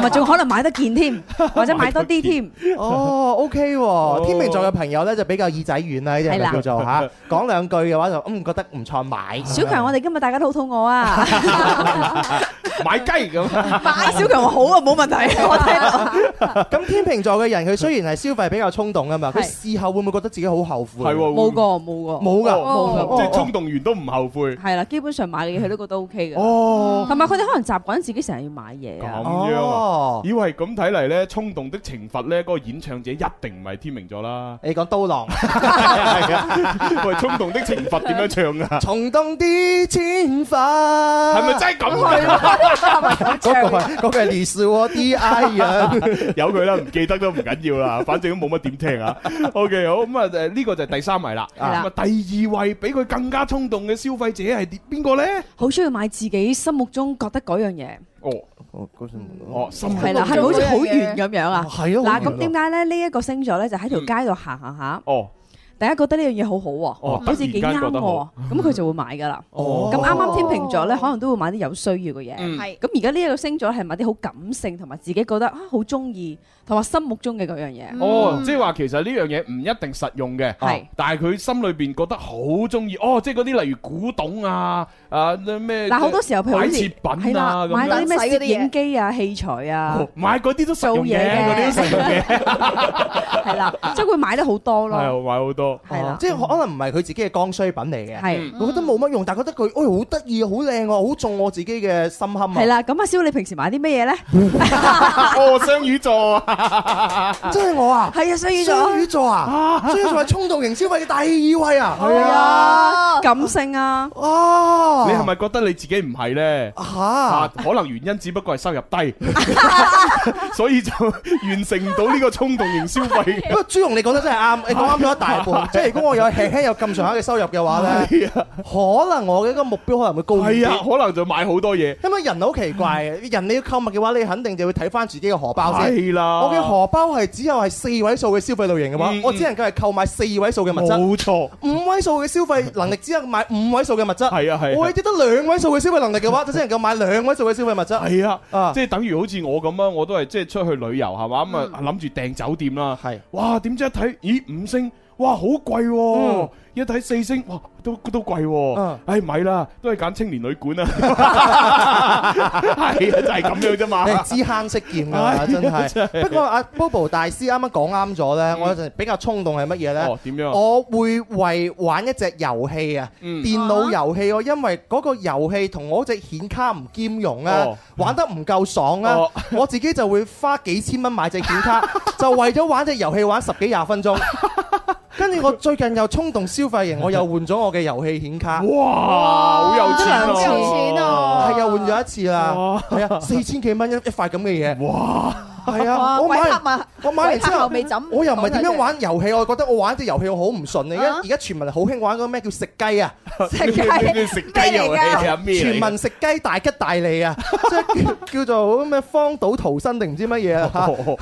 咪仲可能買得件添，或者買多啲添。哦，OK 喎，天秤座嘅朋友咧就比較耳仔軟啦，呢啲叫做嚇。講兩句嘅話就，嗯，覺得唔錯，買。小強，我哋今日大家都好肚餓啊，買雞咁。啊，小強話好啊，冇問題。咁天秤座嘅人，佢雖然係消費比較衝動啊嘛，佢事後會唔會覺得自己好後悔？係喎，冇過冇過冇㗎，即係衝動完都唔後悔。係啦，基本上買嘅嘢佢都覺得 OK 嘅。哦，同埋佢哋可能習慣自己成日要買嘢哦，以為咁睇嚟咧，衝動的懲罰咧，嗰、那個演唱者一定唔係天秤座啦。你講刀郎，喂、 啊，衝動的懲罰點樣唱啊？衝動的懲罰係咪真係咁嘅？嗰、嗯、 個係嗰、那個係你是我的愛人，由佢 啦，唔記得都唔緊要啦，反正都冇乜點聽啊。OK，好咁啊，呢、嗯這個就係第三位啦。咁的啊、嗯，第二位比佢更加衝動嘅消費者係邊個咧？好需要買自己心目中覺得嗰樣嘢。哦。哦，高係、嗯嗯、啦，係好似好遠咁樣啊，係啊，嗱、啊，咁點解咧？呢一、呢個星座咧，就喺條街度行行下。嗯哦大家覺得呢樣嘢好好喎，好似幾啱喎，咁佢就會買㗎啦。咁啱啱天秤座咧，可能都會買啲有需要嘅嘢。咁而家呢一個星座係買啲好感性同埋自己覺得啊好中意同埋心目中嘅嗰樣嘢。哦，即係話其實呢樣嘢唔一定實用嘅，但係佢心裏邊覺得好中意。哦，即係嗰啲例如古董啊，啊咩好多時候譬如買奢侈品啊，買啲咩攝影機啊器材啊，買嗰啲都做嘢，嗰啲都食嘢，係啦，即係佢買得好多咯，買好多。係啦，即係可能唔係佢自己嘅剛需品嚟嘅，我覺得冇乜用，但係覺得佢，哎好得意，好靚，好中我自己嘅心坎。係啦，咁阿蕭，你平時買啲咩嘢咧？哦，雙魚座啊，真係我啊？係啊，雙魚座，雙魚座啊？雙魚座係衝動型消費嘅第二位啊？係啊，感性啊？哦，你係咪覺得你自己唔係咧？吓，可能原因只不過係收入低，所以就完成唔到呢個衝動型消費。不過朱融，你講得真係啱，你講啱咗一大半。即係如果我有輕輕有咁上下嘅收入嘅話呢，可能我嘅一個目標可能會高啲，可能就買好多嘢。因為人好奇怪，人你要購物嘅話，你肯定就要睇翻自己嘅荷包先。係啦，我嘅荷包係只有係四位數嘅消費類型嘅話，我只能夠係購買四位數嘅物質。冇錯，五位數嘅消費能力只能夠買五位數嘅物質。係啊係，我只得兩位數嘅消費能力嘅話，就只能夠買兩位數嘅消費物質。係啊，即係等於好似我咁啊，我都係即係出去旅遊係嘛，咁啊諗住訂酒店啦。係哇，點知一睇，咦，五星？哇，好貴喎！嗯一睇四星，哇，都都貴，哎咪啦，都係揀青年旅館啊，係啊，就係咁樣啫嘛，你知慳識儉啊，真係。不過阿 Bobo 大師啱啱講啱咗咧，我有陣比較衝動係乜嘢咧？哦，點樣？我會為玩一隻遊戲啊，電腦遊戲，因為嗰個遊戲同我隻顯卡唔兼容啊，玩得唔夠爽啊，我自己就會花幾千蚊買隻顯卡，就為咗玩隻遊戲玩十幾廿分鐘，跟住我最近又衝動。消費型，我又換咗我嘅遊戲顯卡。哇，哇，好有錢啊！係、啊、哇又換咗一次啦，係啊哇，四千幾蚊一塊咁嘅嘢。哇係啊，我買嚟，我買嚟之後未，我又唔係點樣玩遊戲，我覺得我玩隻遊戲我好唔順。而家而家全民好興玩嗰咩叫食雞啊？食雞食雞遊戲啊？全民食雞大吉大利啊！即係叫做咩荒島逃生定唔知乜嘢啊？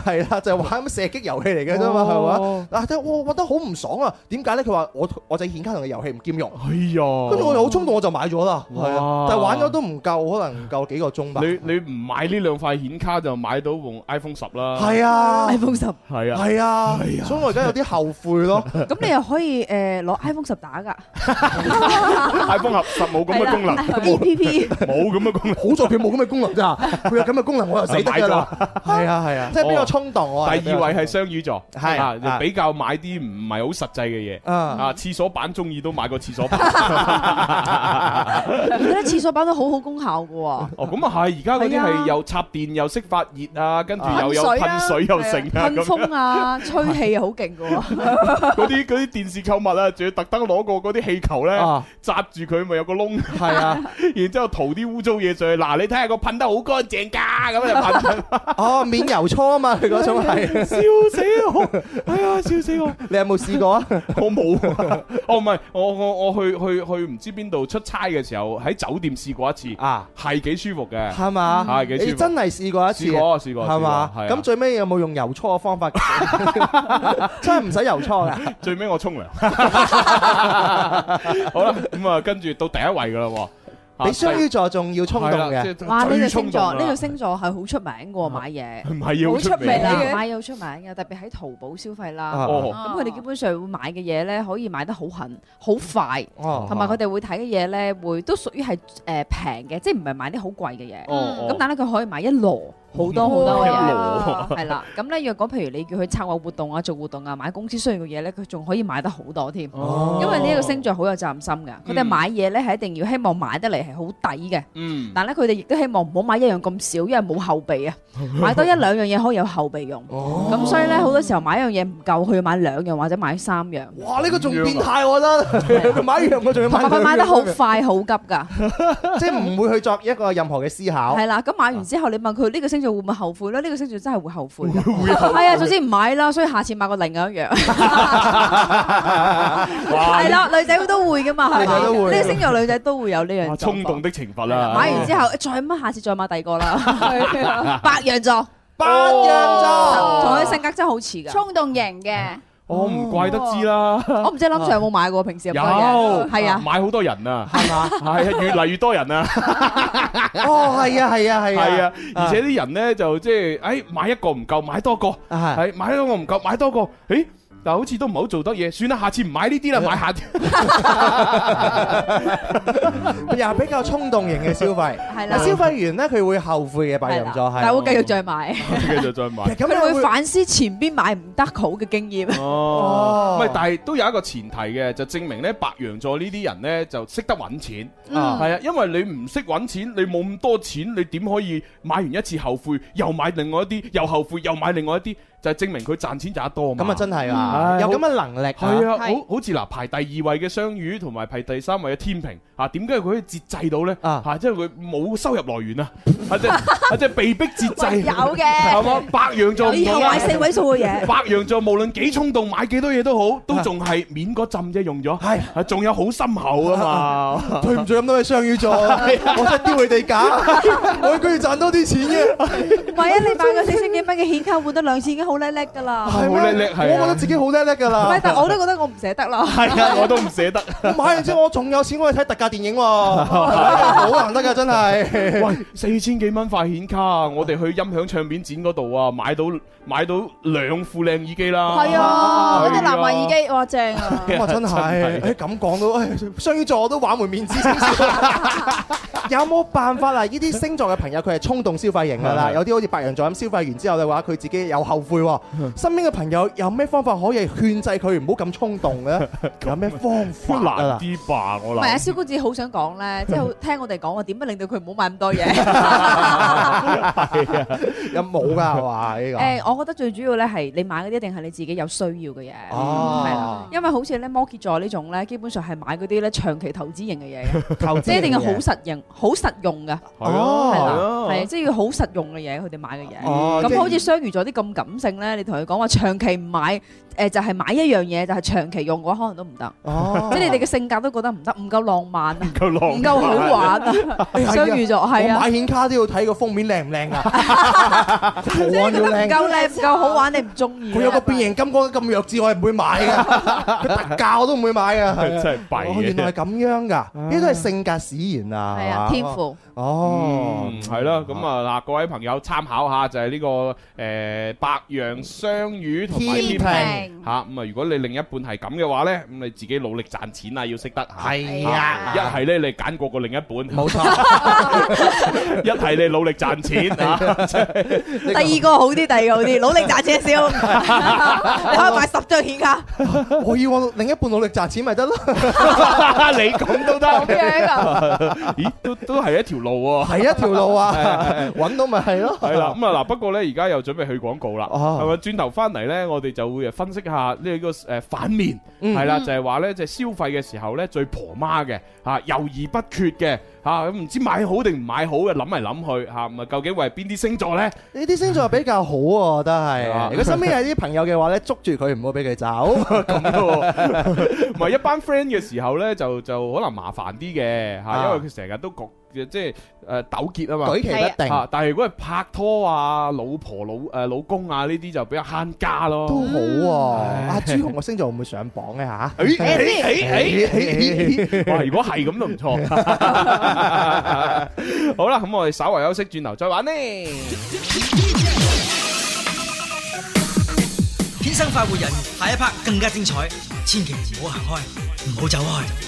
係啦，就係玩咁射擊遊戲嚟嘅啫嘛，係嘛？嗱，我覺得好唔爽啊！點解咧？佢話我我隻顯卡同個遊戲唔兼容。係啊，跟住我好衝動，我就買咗啦。係啊，但係玩咗都唔夠，可能唔夠幾個鐘吧。你你唔買呢兩塊顯卡就買到部 iPhone。十啦，係啊，iPhone 十，係啊，係啊，所以我而家有啲後悔咯。咁你又可以誒攞 iPhone 十打㗎？iPhone 十冇咁嘅功能 App 冇咁嘅功能，好在佢冇咁嘅功能咋，佢有咁嘅功能，我又死得啦。係啊係啊，即係比較衝動啊。第二位係雙魚座，係比較買啲唔係好實際嘅嘢。啊，廁所板中意都買個廁所板。而家廁所板都好好功效㗎喎。哦，咁啊係，而家嗰啲係又插電又識發熱啊，跟住。又有噴水又盛，噴風啊，吹氣好勁噶。嗰啲嗰啲電視購物啊，仲要特登攞個嗰啲氣球咧，扎住佢，咪有個窿。係啊，然之後塗啲污糟嘢上去。嗱，你睇下個噴得好乾淨噶，咁就噴。哦，免油搓啊嘛，佢嗰種係。笑死我！哎呀，笑死我！你有冇試過啊？我冇。哦，唔係，我我我去去去唔知邊度出差嘅時候，喺酒店試過一次啊，係幾舒服嘅，係嘛，係幾舒服。你真係試過一次？試過，試過，係嘛？咁最尾有冇用油搓嘅方法？真係唔使油搓嘅，最尾我沖涼。好啦，咁啊，跟住到第一位噶啦。比雙魚座仲要衝動嘅，哇！呢個星座呢個星座係好出名嘅買嘢，唔係要好出名，買嘢好出名嘅，特別喺淘寶消費啦。咁佢哋基本上會買嘅嘢咧，可以買得好狠，好快，同埋佢哋會睇嘅嘢咧，會都屬於係誒平嘅，即係唔係買啲好貴嘅嘢。咁但係佢可以買一籮。好多好多嘅嘢，係啦，咁咧若果譬如你叫佢策劃活動啊，做活動啊，買公司需要嘅嘢咧，佢仲可以買得好多添，因為呢一個星座好有責任心嘅，佢哋買嘢咧係一定要希望買得嚟係好抵嘅，但咧佢哋亦都希望唔好買一樣咁少，因為冇後備啊，買多一兩樣嘢可以有後備用，咁所以咧好多時候買一樣嘢唔夠，佢要買兩樣或者買三樣。哇，呢個仲變態，我覺得，買一樣佢仲買，買得好快好急噶，即係唔會去作一個任何嘅思考。係啦，咁買完之後你問佢呢個星？星座會唔會後悔咧？呢個星座真係會後悔，係、這、啊、個， 總之唔買啦，所以下次買個另一樣，係 咯 哇， 女仔都會噶嘛，呢 個星座女仔都會有呢樣衝動的懲罰啦。買完之後，再乜、啊？下次再買第二個啦。 白羊座，白羊座，同佢、哦、 性格真係好似噶，衝動型嘅。嗯我唔怪得知啦，我唔知林尚有冇買過，平時有冇買嘢？有，係啊，買好多人啊，係嘛，係啊，越嚟越多人啊，哦，係啊，係啊，係啊，係啊，而且啲人咧就即係，誒，買一個唔夠，買多個，係，買一個唔夠，買多個，誒。但好似都唔好做得嘢，算啦，下次唔買呢啲啦， 買下啲。 又係比較衝動型嘅消費，係啦 的。啊、消費完呢，佢會後悔嘅白羊座係，的但會繼續再買，哦， 繼續再買。咁佢會反思前邊買唔得好嘅經驗。哦，唔、哦哦、但係都有一個前提嘅，就證明呢白羊座呢啲人呢，就識得揾錢，係啊，因為你唔識揾錢，你冇咁多錢，你點可以買完一次後悔，又買另外一啲，又後悔，又買另外一啲？就係證明佢賺錢賺得多咁啊，真係啊，有咁嘅能力係啊，好好似嗱排第二位嘅雙魚同埋排第三位嘅天秤啊，點解佢可以節制到咧？啊，嚇，即係佢冇收入來源啊，係即係被逼節制。有嘅，係白羊座以後買四位數嘅嘢。白羊座無論幾衝動買幾多嘢都好，都仲係免嗰陣啫，用咗係，仲有好深厚啊嘛，對唔住咁多嘅雙魚座，我真係叫佢哋假，我居然賺多啲錢嘅！萬一你買個四千幾蚊嘅顯卡，換得兩千好叻叻噶啦，係咩？我覺得自己好叻叻噶啦。唔係，但我都覺得我唔捨得啦。係啊，我都唔捨得。買完之後我仲有錢，可以睇特價電影喎，好難得噶，真係。喂，四千幾蚊塊顯卡，我哋去音響唱片展嗰度啊，買到買到兩副靚耳機啦。係啊，嗰啲藍牙耳機哇，正啊！咁啊，真係咁講都雙魚座都玩回面子。有冇辦法啊？呢啲星座嘅朋友佢係衝動消費型噶啦，有啲好似白羊座咁消費完之後嘅話，佢自己有後悔。佢話身邊嘅朋友有咩方法可以勸制佢唔好咁衝動咧？有咩方法啊？難啲吧，我諗。唔係啊，蕭姑子好想講咧，即係聽我哋講話點樣令到佢唔好買咁多嘢。有冇㗎？哇！呢個誒，我覺得最主要咧係你買嗰啲，一定係你自己有需要嘅嘢。哦，係啦，因為好似咧摩羯座呢種咧，基本上係買嗰啲咧長期投資型嘅嘢，即係一定要好實型、好實用嘅。係咯，係啦，係啊，即係要好實用嘅嘢，佢哋買嘅嘢。哦，咁好似雙魚座啲咁感受。咧，你同佢講話，長期唔買。誒就係買一樣嘢，就係長期用嘅話，可能都唔得。哦，即係你哋嘅性格都覺得唔得，唔夠浪漫啊，唔夠好玩啊，雙魚座係啊！我買顯卡都要睇個封面靚唔靚啊！我覺得唔夠靚，唔夠好玩，你唔中意。佢有個變形金剛咁弱智，我係唔會買嘅。佢特價我都唔會買嘅。真係弊嘅，原來係咁樣㗎！呢啲都係性格使然啊。係啊，天賦。哦，係咯，咁啊嗱，各位朋友參考下就係呢個誒白羊雙魚同埋天平。吓，咁啊！如果你另一半係咁嘅話咧，咁你自己努力賺錢啊，要識得吓。係啊，一係咧你揀過個另一半，冇錯。一係你努力賺錢啊。第二個好啲，第二個好啲，努力賺錢少，你可以買十張顯卡。可以，我要我另一半努力賺錢咪得咯。你咁都得？咦，都都係一條路啊。係一條路啊，搵到咪係咯。係啦，咁啊嗱，不過咧而家又準備去廣告啦，係咪？轉頭翻嚟咧，我哋就會誒分。即呢個誒反面係啦，就係話咧，即係消費嘅時候咧，最婆媽嘅吓，猶豫不決嘅吓，唔知買好定唔買好嘅諗嚟諗去吓，咁啊究竟會係邊啲星座呢？呢啲星座比較好啊，都係 吧如果身邊有啲朋友嘅話咧，捉住佢唔好俾佢走，唔係 一班 friend 嘅時候呢，就就可能麻煩啲嘅吓， 因為佢成日都講。即係誒，糾結啊嘛，舉棋不定。但係如果係拍拖啊，老婆老誒老公啊呢啲就比較慳家咯。都好啊，阿朱紅個星座會唔會上榜咧吓？誒誒誒誒誒誒！我話如果係咁都唔錯。好啦，咁我哋稍為休息，轉頭再玩呢。天生快活人，下一 part 更加精彩，千祈唔好行開，唔好走開。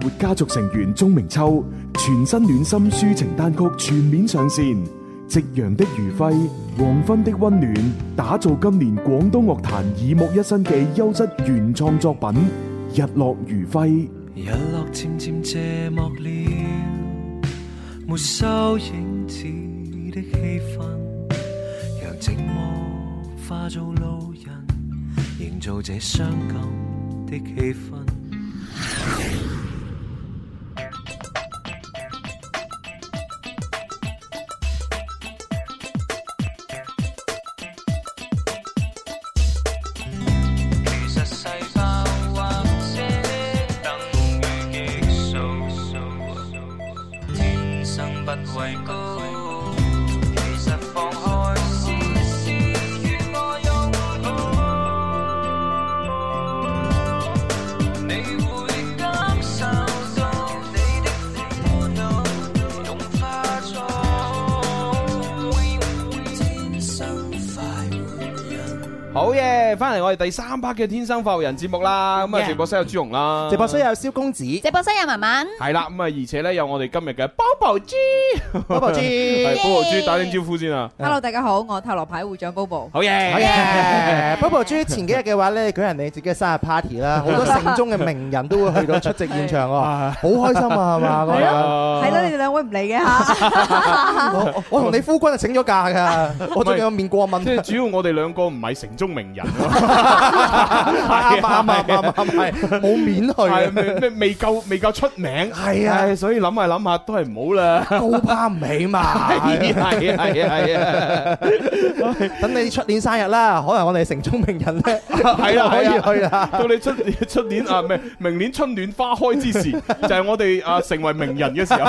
活家族成員鍾明秋全新暖心抒情單曲全面上線夕陽的餘暉黃昏的溫暖》，打造今年廣東樂壇耳目一新嘅優質原創作品，《日落餘暉，日落漸漸謝幕了，沒收影子的氣氛，讓寂寞化做路人，營造這傷感的氣氛。係第三 part 嘅天生快活人節目啦，咁啊 Yeah. 直播室有朱紅啦，直播室有蕭公子，直播室有文文，係啦，咁啊而且咧有我哋今日嘅 Bobo 豬。Bobo 豬，Bobo 豬打聲招呼先啊！Hello，大家好，我係塔羅牌會長 Bobo。好嘢，好嘢。Bobo 豬前幾日嘅話咧，佢人哋自己嘅生日 party 啦，好多城中嘅名人都會去到出席現場哦，好開心啊，係嘛咁樣。係咯，你哋兩位唔嚟嘅吓。我我同你夫君係請咗假噶，我仲有面過問。主要我哋兩個唔係城中名人，阿媽阿媽阿媽係冇面去，未未未夠未夠出名，係啊，所以諗下諗下都係唔好啦。啱起嘛，係啊係啊係啊！等你出年生日啦，可能我哋成中名人咧，係啦可以去啦。到你出年出年啊唔係？明年春暖花開之時，就係我哋啊成為名人嘅時候。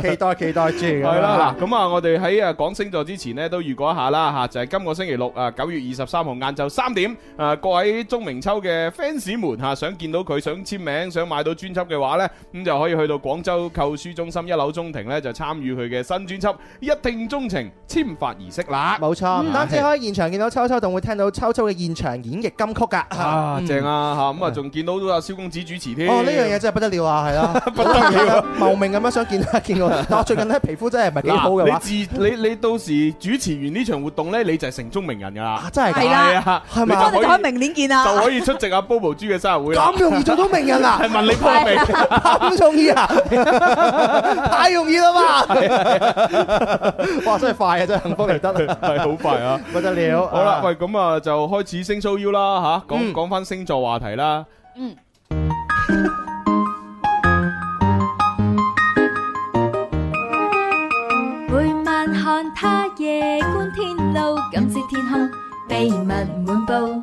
期待期待住係啦！嗱咁啊，我哋喺啊講星座之前咧，都預告一下啦吓，就係今個星期六啊九月二十三號晏晝三點，啊各位鍾明秋嘅 fans 們吓，想見到佢，想簽名，想買到專輯嘅話咧，咁就可以去到廣州購書中心。心一樓中庭咧就參與佢嘅新專輯《一聽鍾情》簽發儀式啦，冇錯，唔單止可以現場見到秋秋，仲會聽到秋秋嘅現場演繹金曲㗎，啊正啊嚇，咁啊仲見到阿蕭公子主持添，哦呢樣嘢真係不得了啊，係咯，不得了，慕名咁樣想見，見我，但我最近咧皮膚真係唔係幾好嘅話，你你到時主持完呢場活動咧，你就係城中名人㗎啦，真係係啦，係嘛，咁可以明年見啊，就可以出席阿 BoBo 豬嘅生日會啦，咁容易做到名人啊？係問你破名咁容易啊？太容易啦嘛！哇，真係快啊，真係幸福嚟得，係好快啊，不得了！好啦，喂，咁啊就開始星 show U 啦吓，講講翻星座話題啦。嗯。每晚看他夜觀天路，感知天空秘密滿布。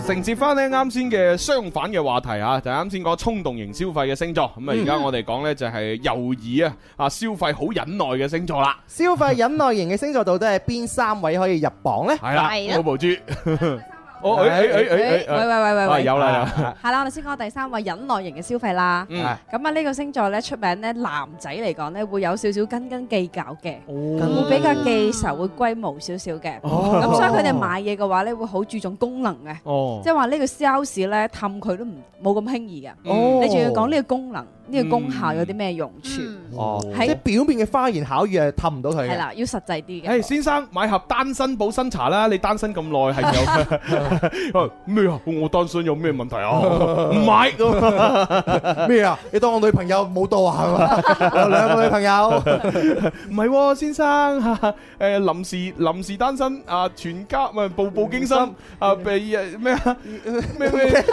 承接翻咧啱先嘅相反嘅話題吓、啊，就係啱先講衝動型消費嘅星座，咁啊而家我哋講呢，就係、是、猶豫啊啊消費好忍耐嘅星座啦，消費忍耐型嘅星座到底係邊三位可以入榜呢？係啦，寶寶豬。寶 哦，喂喂喂喂喂，有啦，有啦，係啦，我哋先講第三位忍耐型嘅消費啦。咁 啊，呢個星座咧出名咧男仔嚟講咧會有少少斤斤計較嘅，咁會比較記仇，會歸毛少少嘅。咁所以佢哋買嘢嘅話咧會好注重功能嘅，即係話呢個 sales 咧氹佢都唔冇咁輕易嘅，你仲要講呢個功能。呢個功效有啲咩用處？哦，喺表面嘅花言巧語係氹唔到佢嘅。係啦，要實際啲嘅。誒，先生買盒單身補身茶啦，你單身咁耐係有咩啊？我單身有咩問題啊？唔買咩啊？你當我女朋友冇到啊？係咪？兩個女朋友唔係喎，先生誒臨時臨時單身啊，全家咪步步驚心啊，被咩啊咩咩？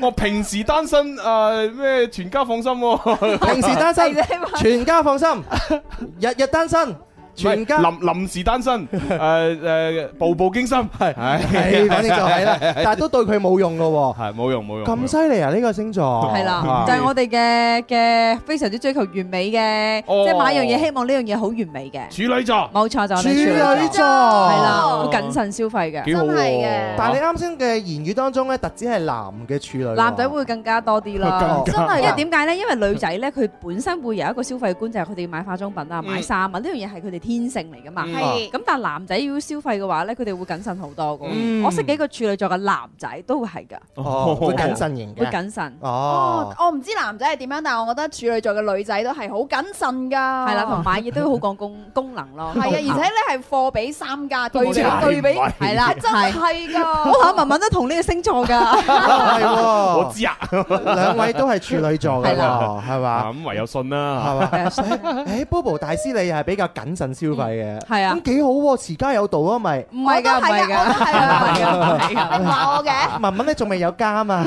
我平時單身啊，咩全家放心。平時單身， 全家放心， 日日單身。全家臨臨時單身，誒誒步步驚心，係係，反正就係啦，但係都對佢冇用咯，係冇用冇用，咁犀利啊！呢個星座係啦，就係我哋嘅嘅非常之追求完美嘅，即係買樣嘢希望呢樣嘢好完美嘅，處女座，冇錯就處女座，係啦，好謹慎消費嘅，真係嘅。但係你啱先嘅言語當中咧，特指係男嘅處女，男仔會更加多啲囉，真係嘅。點解咧？因為女仔咧，佢本身會有一個消費觀，就係佢哋買化妝品啊，買衫啊，呢樣嘢係佢哋。天性嚟㗎嘛，咁但係男仔要消費嘅話咧，佢哋會謹慎好多㗎。我識幾個處女座嘅男仔都係㗎，會謹慎型嘅，會謹慎。哦，我唔知男仔係點樣，但係我覺得處女座嘅女仔都係好謹慎㗎。係啦，同埋亦都好講功功能咯。係啊，而且你係貨比三家對對比，係啦，係真係係㗎。我同文文都同呢個星座㗎。係喎，我知啊，兩位都係處女座㗎，係嘛？咁唯有信啦，係嘛？誒，BoBo 大師你係比較謹慎。消費嘅，係啊，咁幾好喎，持家有道咯，咪？唔係噶，係噶，係噶，係噶，唔係我嘅，文文咧仲未有家嘛，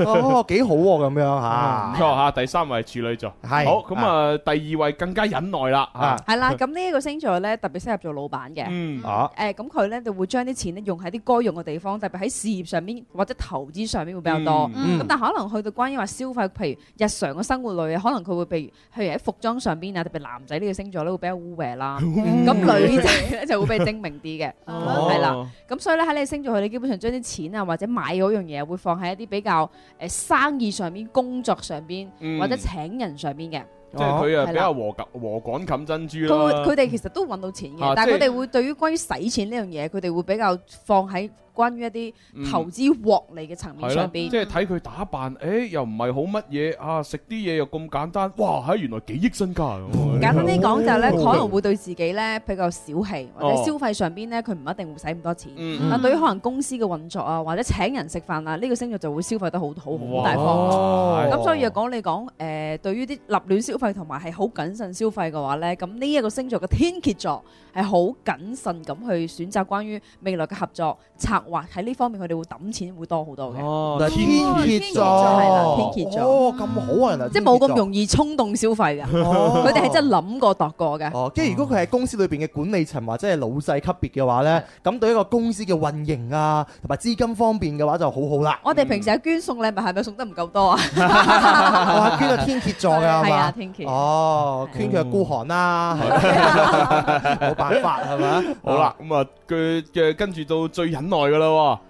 哦，幾好喎，咁樣吓，好吓，第三位處女座，係，好，咁啊，第二位更加忍耐啦，係啦，咁呢一個星座咧，特別適合做老闆嘅，嗯，啊，誒，咁佢咧就會將啲錢咧用喺啲該用嘅地方，特別喺事業上邊或者投資上邊會比較多，咁但係可能去到關於話消費，譬如日常嘅生活類啊，可能佢會譬如去喺服裝。上邊啊，特別男仔呢個星座咧會比較污嘢啦，咁、嗯、女仔咧 就會比較精明啲嘅，係啦，咁所以咧喺你星座佢，你基本上將啲錢啊或者買嗰樣嘢會放喺一啲比較誒、呃、生意上邊、工作上邊或者請人上邊嘅，嗯、即係佢啊比較和及、哦、的和趕冚珍珠咯，佢哋其實都揾到錢嘅，嗯、但係佢哋會對於關於使錢呢樣嘢，佢哋會比較放喺。關於一啲投資獲利嘅層面上邊，嗯、即係睇佢打扮，誒、哎、又唔係好乜嘢啊！食啲嘢又咁簡單，哇！嚇原來幾億身家。哎、呀簡單啲講就係、是、咧，哎 okay、可能會對自己咧比較小氣，或者消費上邊咧佢唔一定會使咁多錢。啊、嗯，但對於可能公司嘅運作啊，或者請人食飯啊，呢、這個星座就會消費得好好好大方。咁哇所以如果你講誒、哦呃，對於啲立亂消費同埋係好謹慎消費嘅話咧，咁呢一個星座嘅天蠍座係好謹慎咁去選擇關於未來嘅合作策。哇！喺呢方面佢哋會揼錢會多好多嘅。哦，天蠍座係啦，天蠍座哦咁好啊，即係冇咁容易衝動消費嘅。佢哋係真係諗過度過嘅。哦，即係如果佢係公司裏邊嘅管理層，或者係老細級別嘅話咧，咁對一個公司嘅運營啊，同埋資金方面嘅話就好好啦。我哋平時係捐送禮物係咪送得唔夠多啊？捐到天蠍座嘅係啊，天蠍哦，捐佢係孤寒啦，冇辦法係咪？好啦，咁啊嘅嘅跟住到最忍耐。噶啦，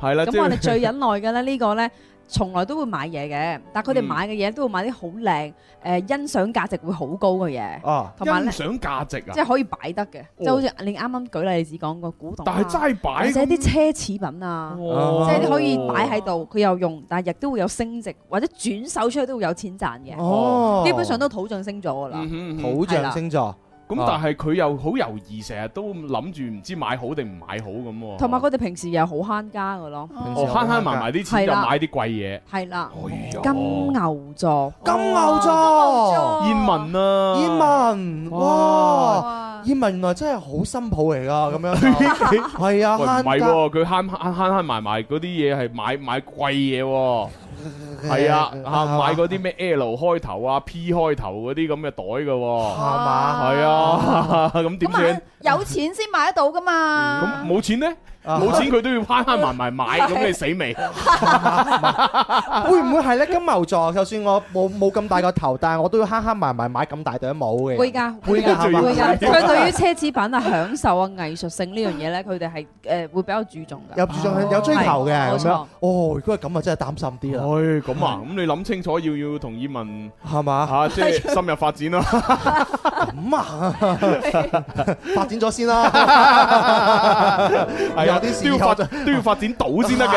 係啦，咁我哋最忍耐嘅咧，呢個咧，從來都會買嘢嘅，但佢哋買嘅嘢都會買啲好靚，誒，欣賞價值會好高嘅嘢。啊，欣賞價值啊，即係可以擺得嘅，就好似你啱啱舉例，你只講個古董，但係齋擺，或者啲奢侈品啊，即係你可以擺喺度，佢又用，但係亦都會有升值，或者轉手出去都會有錢賺嘅。哦，基本上都土象星座噶啦，土象星座。咁但係佢又好猶豫，成日都諗住唔知買好定唔買好咁喎。同埋佢哋平時又好慳家嘅咯。平時，哦，慳慳埋埋啲錢就買啲貴嘢。係啦。金牛座，金牛座，燕文啊，燕文，哇，燕文原來真係好新抱嚟㗎，咁樣。係啊，佢唔係喎，佢慳慳埋埋嗰啲嘢係買買貴嘢喎。係 啊，吓、啊、買嗰啲咩 L 開頭啊、P 開頭嗰啲咁嘅袋噶，係嘛？係啊，咁點算？有錢先買得到噶嘛？咁冇錢呢？冇錢佢都要慳慳埋埋買，咁你死未？會唔會係咧？金牛座就算我冇冇咁大個頭，但係我都要慳慳埋埋買咁大頂帽嘅。會噶會噶會噶，佢對於奢侈品啊、享受啊、藝術性呢樣嘢咧，佢哋係誒會比較注重噶，有注重有追求嘅咁樣。哦，如果係咁啊，真係擔心啲啦。唉，咁啊，咁你諗清楚要要同以文係嘛吓，即係深入發展咯。咁啊，發展咗先啦。係啊。都要發都要發展到先得嘅，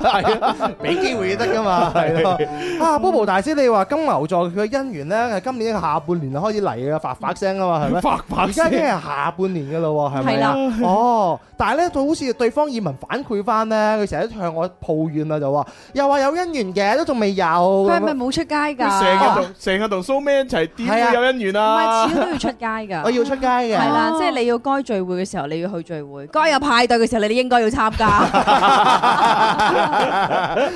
係，俾機會得噶嘛，係。 啊，Bobo 大師，你話金牛座佢嘅姻緣咧，今年下半年就開始嚟嘅，發發聲啦嘛，係咩？發發聲，而家已經係下半年嘅嘞，係咪啊？的哦，但係咧，就好似對方移民反饋翻咧，佢成日向我抱怨啊，就話又話有姻緣嘅，都仲未有。佢係咪冇出街㗎？成日同成日同 So Man 一齊的，啲，有姻緣啊？唔係，始終都要出街㗎。我要出街㗎。係啦，即係你要該聚會嘅時候，你要去聚會，該有派對。嘅時候，你應該要參加。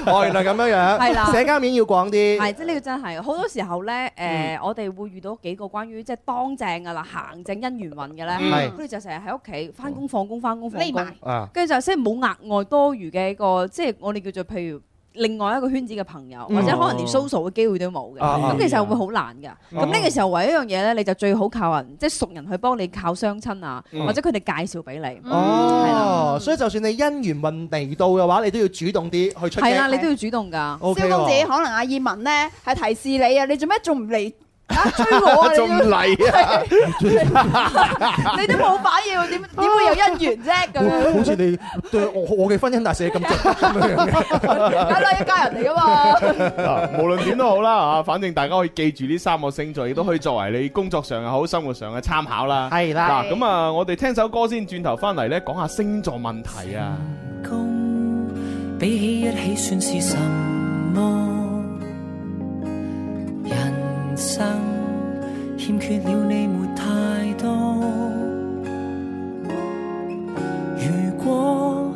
哦，原來咁樣樣。係啦， 社交面要廣啲。係，即係呢個真係好多時候咧。誒、呃，嗯、我哋會遇到幾個關於即係當正嘅啦，行政姻緣運嘅咧。係、嗯，佢哋就成日喺屋企翻工放工翻工放工。跟住、嗯、就即係冇額外多餘嘅一個，即係我哋叫做譬如。另外一個圈子嘅朋友，或者可能連 social 嘅機會都冇嘅，咁、嗯、其實會好難噶。咁呢、嗯、個時候唯一一樣嘢咧，你就最好靠人，即、就、係、是、熟人去幫你靠相親啊，嗯、或者佢哋介紹俾你。哦、嗯，了所以就算你姻緣運地到嘅話，你都要主動啲去出。係啦、啊，你都要主動噶。知道自己可能阿爾文咧係提示你啊，你做咩仲唔嚟？啊、追我仲嚟啊！你都冇反應，點點會有姻緣啫？咁、啊、好似你對我我嘅婚姻大事咁，得啦、啊，一家人嚟噶嘛。無論點都好啦吓，反正大家可以記住呢三個星座，亦都可以作為你工作上又好、生活上嘅參考啦。係是啦、啊，咁啊，我哋聽首歌先，轉頭翻嚟咧，講下星座問題啊。一生欠缺了你沒太多。如果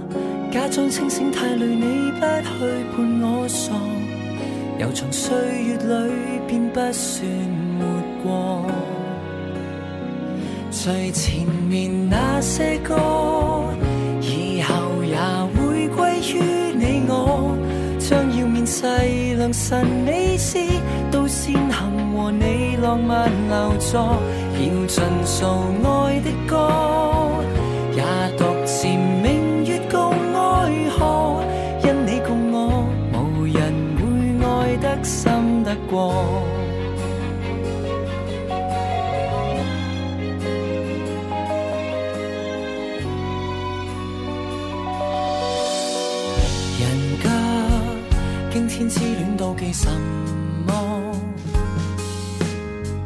假裝清醒太累，你不去伴我傻，又長歲月裏便不算活過。最前面那些歌，以後也會歸於你我。世良辰美景都先行和你浪漫留作，要盡數愛的歌，也獨佔明月共愛河。因你共我，無人會愛得深得過。痴戀妒忌什麼？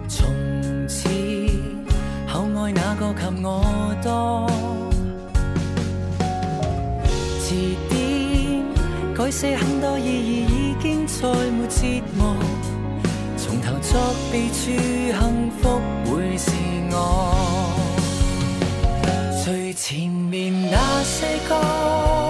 從此厚愛那個及我多？詞典改寫很多意義，已經再沒折磨，從頭作別處幸福會是我，最前面那些歌。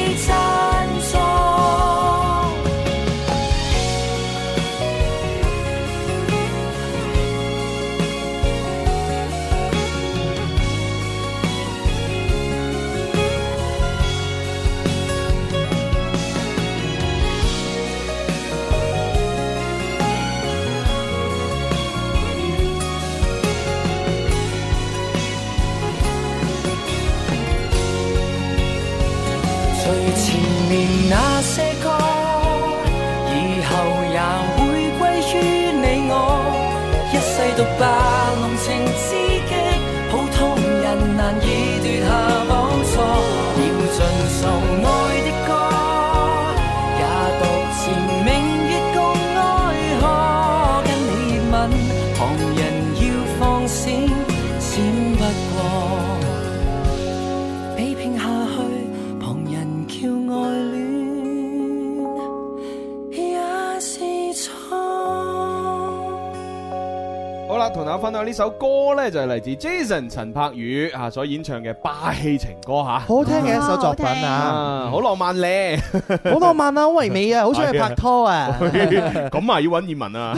分享呢首歌咧，就係、是、嚟自 Jason 陳柏宇啊所演唱嘅霸氣情歌吓，啊、好聽嘅、啊、一首作品聽啊，好浪漫咧， 好浪漫啊，好唯美啊，好想去拍拖啊，咁啊 要揾葉文啊，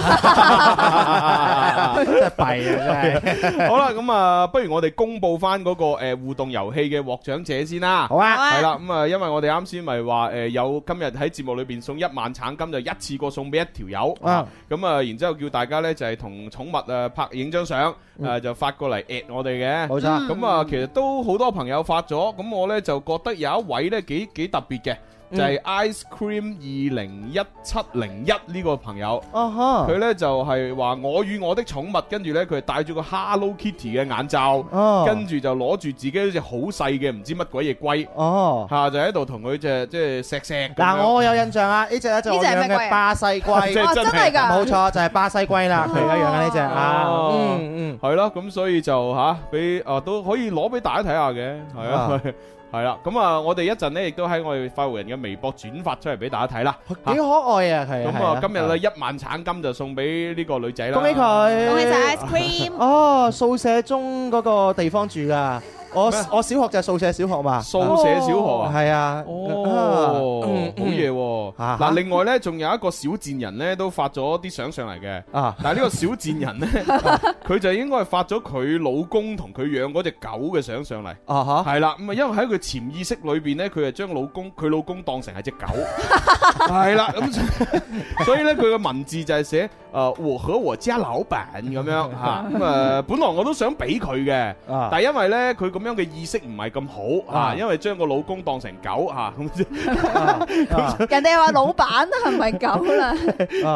真係弊啊， 好啦，咁啊，不如我哋公布翻嗰個誒互動遊戲嘅獲獎者先啦，好啊，係啦，咁、嗯、啊，因為我哋啱先咪話誒有今日喺節目裏邊送一萬橙金，就一次過送俾一條友咁啊，啊然之後叫大家咧就係同寵物啊拍影。拍張相誒、呃，就發過嚟 at 我哋嘅，冇錯錯。咁啊，其實都好多朋友發咗，咁我呢，就覺得有一位呢幾幾特別嘅。就係 ice cream 二零一七零一呢個朋友，佢咧，就係話我與我的寵物，跟住咧，佢戴住個 Hello Kitty 嘅眼罩，跟住就攞住自己一隻好細嘅唔知乜鬼嘢龜，吓就喺度同佢隻即係錫錫。嗱，我有印象啊，呢隻咧，就呢隻咩龜？巴西龜，真係噶，冇錯就係巴西龜啦，佢養緊嘅呢隻啊，嗯嗯，係咯，咁所以就吓俾啊都可以攞俾大家睇下嘅，係啊。係啦，咁啊，我哋一陣咧，亦都喺我哋快活人嘅微博轉發出嚟俾大家睇啦。幾可愛啊，係。咁啊，今日咧對一萬橙金就送俾呢個女仔啦。恭喜佢。恭喜食 ice cream。哦，宿舍中嗰個地方住噶。我我小學就係掃舍小學嘛，掃舍小學啊，係啊，哦，好嘢。嗱，另外咧，仲有一個小賤人咧，都發咗啲相上嚟嘅。啊，但係呢個小賤人咧，佢就應該係發咗佢老公同佢養嗰隻狗嘅相上嚟。啊吓，係啦，咁啊，因為喺佢潛意識裏邊咧，佢係將老公佢老公當成係隻狗。係啦，咁所以咧，佢嘅文字就係寫誒和和我家老闆咁樣吓。咁誒，本來我都想俾佢嘅，但係因為咧佢咁。咁樣嘅意識唔係咁好嚇，因為將個老公當成狗吓，咁人哋話老闆係唔係狗啦？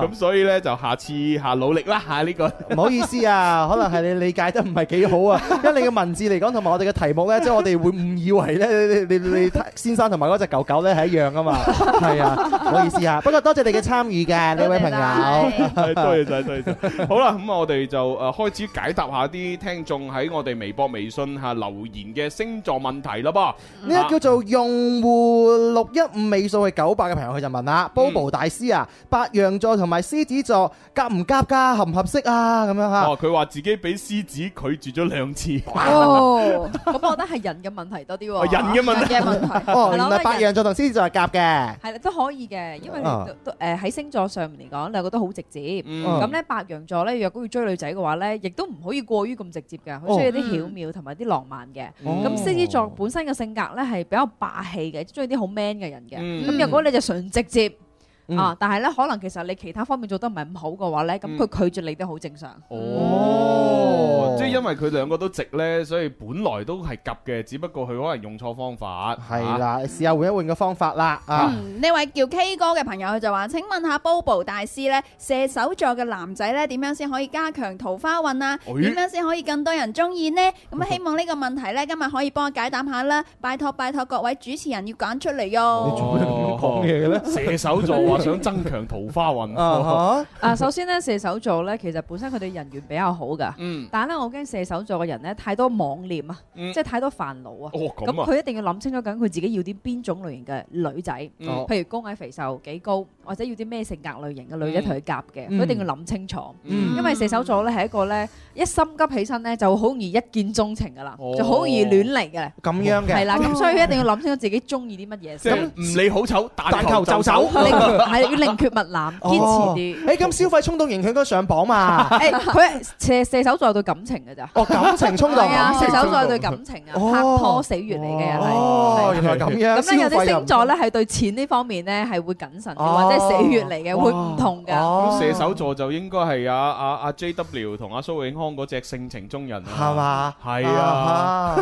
咁所以呢就下次下努力啦吓，呢個，唔好意思啊，可能係你理解得唔係幾好啊，因為你嘅文字嚟講同埋我哋嘅題目呢，即係我哋會誤以為呢，你你先生同埋嗰隻狗狗呢係一樣噶嘛，係啊，唔好意思嚇。不過多謝你嘅參與㗎，呢位朋友，多謝晒，多謝晒。好啦，咁我哋就誒開始解答下啲聽眾喺我哋微博、微信下留言嘅星座問題咯噃，呢個叫做用戶六一五尾數係九八嘅朋友佢就問啦，Bobo 大師啊，白羊座同埋獅子座夾唔夾㗎，合唔合適啊？咁樣嚇，佢話自己俾獅子拒絕咗兩次。哦，咁我覺得係人嘅問題多啲喎。人嘅問題。人嘅問題。哦，原來白羊座同獅子座係夾嘅。係啦，都可以嘅，因為都誒喺星座上面嚟講，兩個都好直接。咁咧，白羊座咧，若果要追女仔嘅話咧，亦都唔可以過於咁直接嘅，佢需要啲巧妙同埋啲浪漫嘅。咁獅子座本身嘅性格咧，係比較霸氣嘅，中意啲好 man 嘅人嘅。咁、嗯、如果你就純直接。啊！但係咧，可能其實你其他方面做得唔係咁好嘅話咧，咁佢拒絕你都好正常。哦，即係因為佢兩個都直咧，所以本來都係急嘅，只不過佢可能用錯方法。係啦，試下換一換嘅方法啦。啊，呢位叫 K 哥嘅朋友，佢就話：請問下 Bobo 大師咧，射手座嘅男仔咧點樣先可以加強桃花運啊？點樣先可以更多人中意呢？咁希望呢個問題咧今日可以幫我解答下啦。拜託，拜託各位主持人要揀出嚟喲。你做咩咁講嘢嘅咧？射手座。我想增強桃花運啊！首先咧，射手座咧，其實本身佢哋人緣比較好噶。嗯。但咧，我驚射手座嘅人咧，太多網戀啊，即係太多煩惱啊。哦，咁啊。咁佢一定要諗清楚緊，佢自己要啲邊種類型嘅女仔，譬如高矮肥瘦幾高，或者要啲咩性格類型嘅女仔同佢夾嘅，佢一定要諗清楚。嗯。因為射手座咧係一個咧，一心急起身咧，就會好容易一見鐘情㗎啦，就好容易亂嚟嘅。咁樣嘅。係啦，咁所以佢一定要諗清楚自己中意啲乜嘢先。咁唔理好醜，但求就手。呢個。係要寧缺勿濫，堅持啲。誒咁消費衝動型應該上榜嘛？誒佢射射手座對感情嘅咋？哦，感情衝動。啊，射手座對感情啊，拍拖死穴嚟嘅人嚟。原來咁樣。咁咧有啲星座咧係對錢呢方面咧係會謹慎或者係死穴嚟嘅，會唔同㗎。哦，射手座就應該係阿阿阿 J W 同阿蘇永康嗰隻性情中人啦，係嘛？係啊，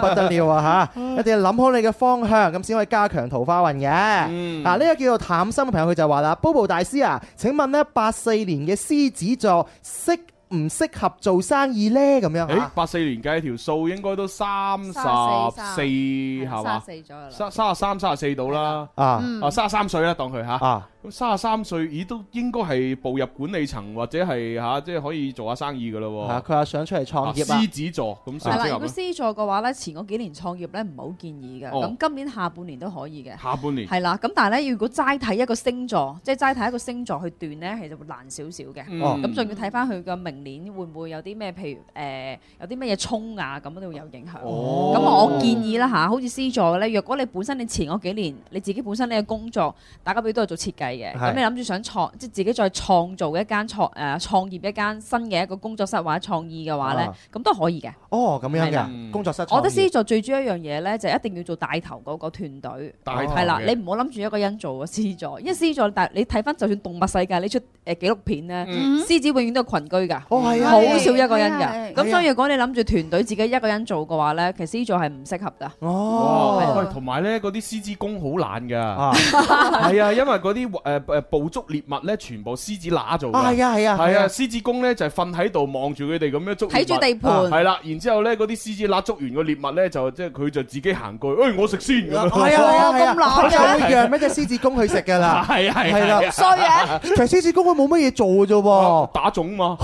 不得了啊嚇！一定要諗好你嘅方向，咁先可以加強桃花運嘅。嗱呢個叫做淡。新嘅朋友佢就話啦，Bobo 大師啊，請問咧八四年嘅獅子座適唔適合做生意呢？」咁樣、欸，八、啊、四年計條數應該都三十吧四係嘛？三三十三三十四到啦，啊，啊三十三歲啦，當佢吓。三十三歲，咦都應該係步入管理層或者係嚇、啊，即係可以做下生意嘅咯喎。佢話、啊、想出嚟創業啊。獅子座咁，係啦。如果獅座嘅話咧，前嗰幾年創業咧唔好建議嘅。咁、哦、今年下半年都可以嘅。下半年。係啦。咁但係咧，如果齋睇一個星座，即係齋睇一個星座去斷咧，其實會難少少嘅。咁仲、嗯、要睇翻佢嘅明年會唔會有啲咩？譬如誒、呃，有啲咩嘢衝啊，咁都會有影響。咁、哦、我建議啦嚇，好似獅座嘅咧，若果你本身你前嗰幾年你自己本身你嘅工作，大家比如都係做設計。咁你諗住想創即係自己再創造一間創誒創業一間新嘅一個工作室或者創意嘅話咧，咁都可以嘅。哦，咁樣嘅工作室。我覺得獅子座最主要一樣嘢咧，就一定要做大頭嗰個團隊。大頭係啦，你唔好諗住一個人做個獅子座，因為獅子座，但你睇翻就算動物世界呢，出誒紀錄片咧，獅子永遠都係群居㗎，好少一個人㗎。咁所以如果你諗住團隊自己一個人做嘅話咧，其實獅子座係唔適合㗎。哦，同埋咧嗰啲獅子工好懶㗎，係啊，因為啲。誒誒，捕捉獵物咧，全部獅子乸做嘅。係啊係啊，係啊，獅子公咧就瞓喺度，望住佢哋咁樣捉。睇住地盤。係啦，然之後咧，嗰啲獅子乸捉完個獵物咧，就即係佢就自己行過去，誒，我食先咁啊。係啊係啊，咁懶啊。仲會讓咩隻獅子公去食噶啦？係啊係啊係衰啊！其實獅子公佢冇乜嘢做嘅啫，打種嘛，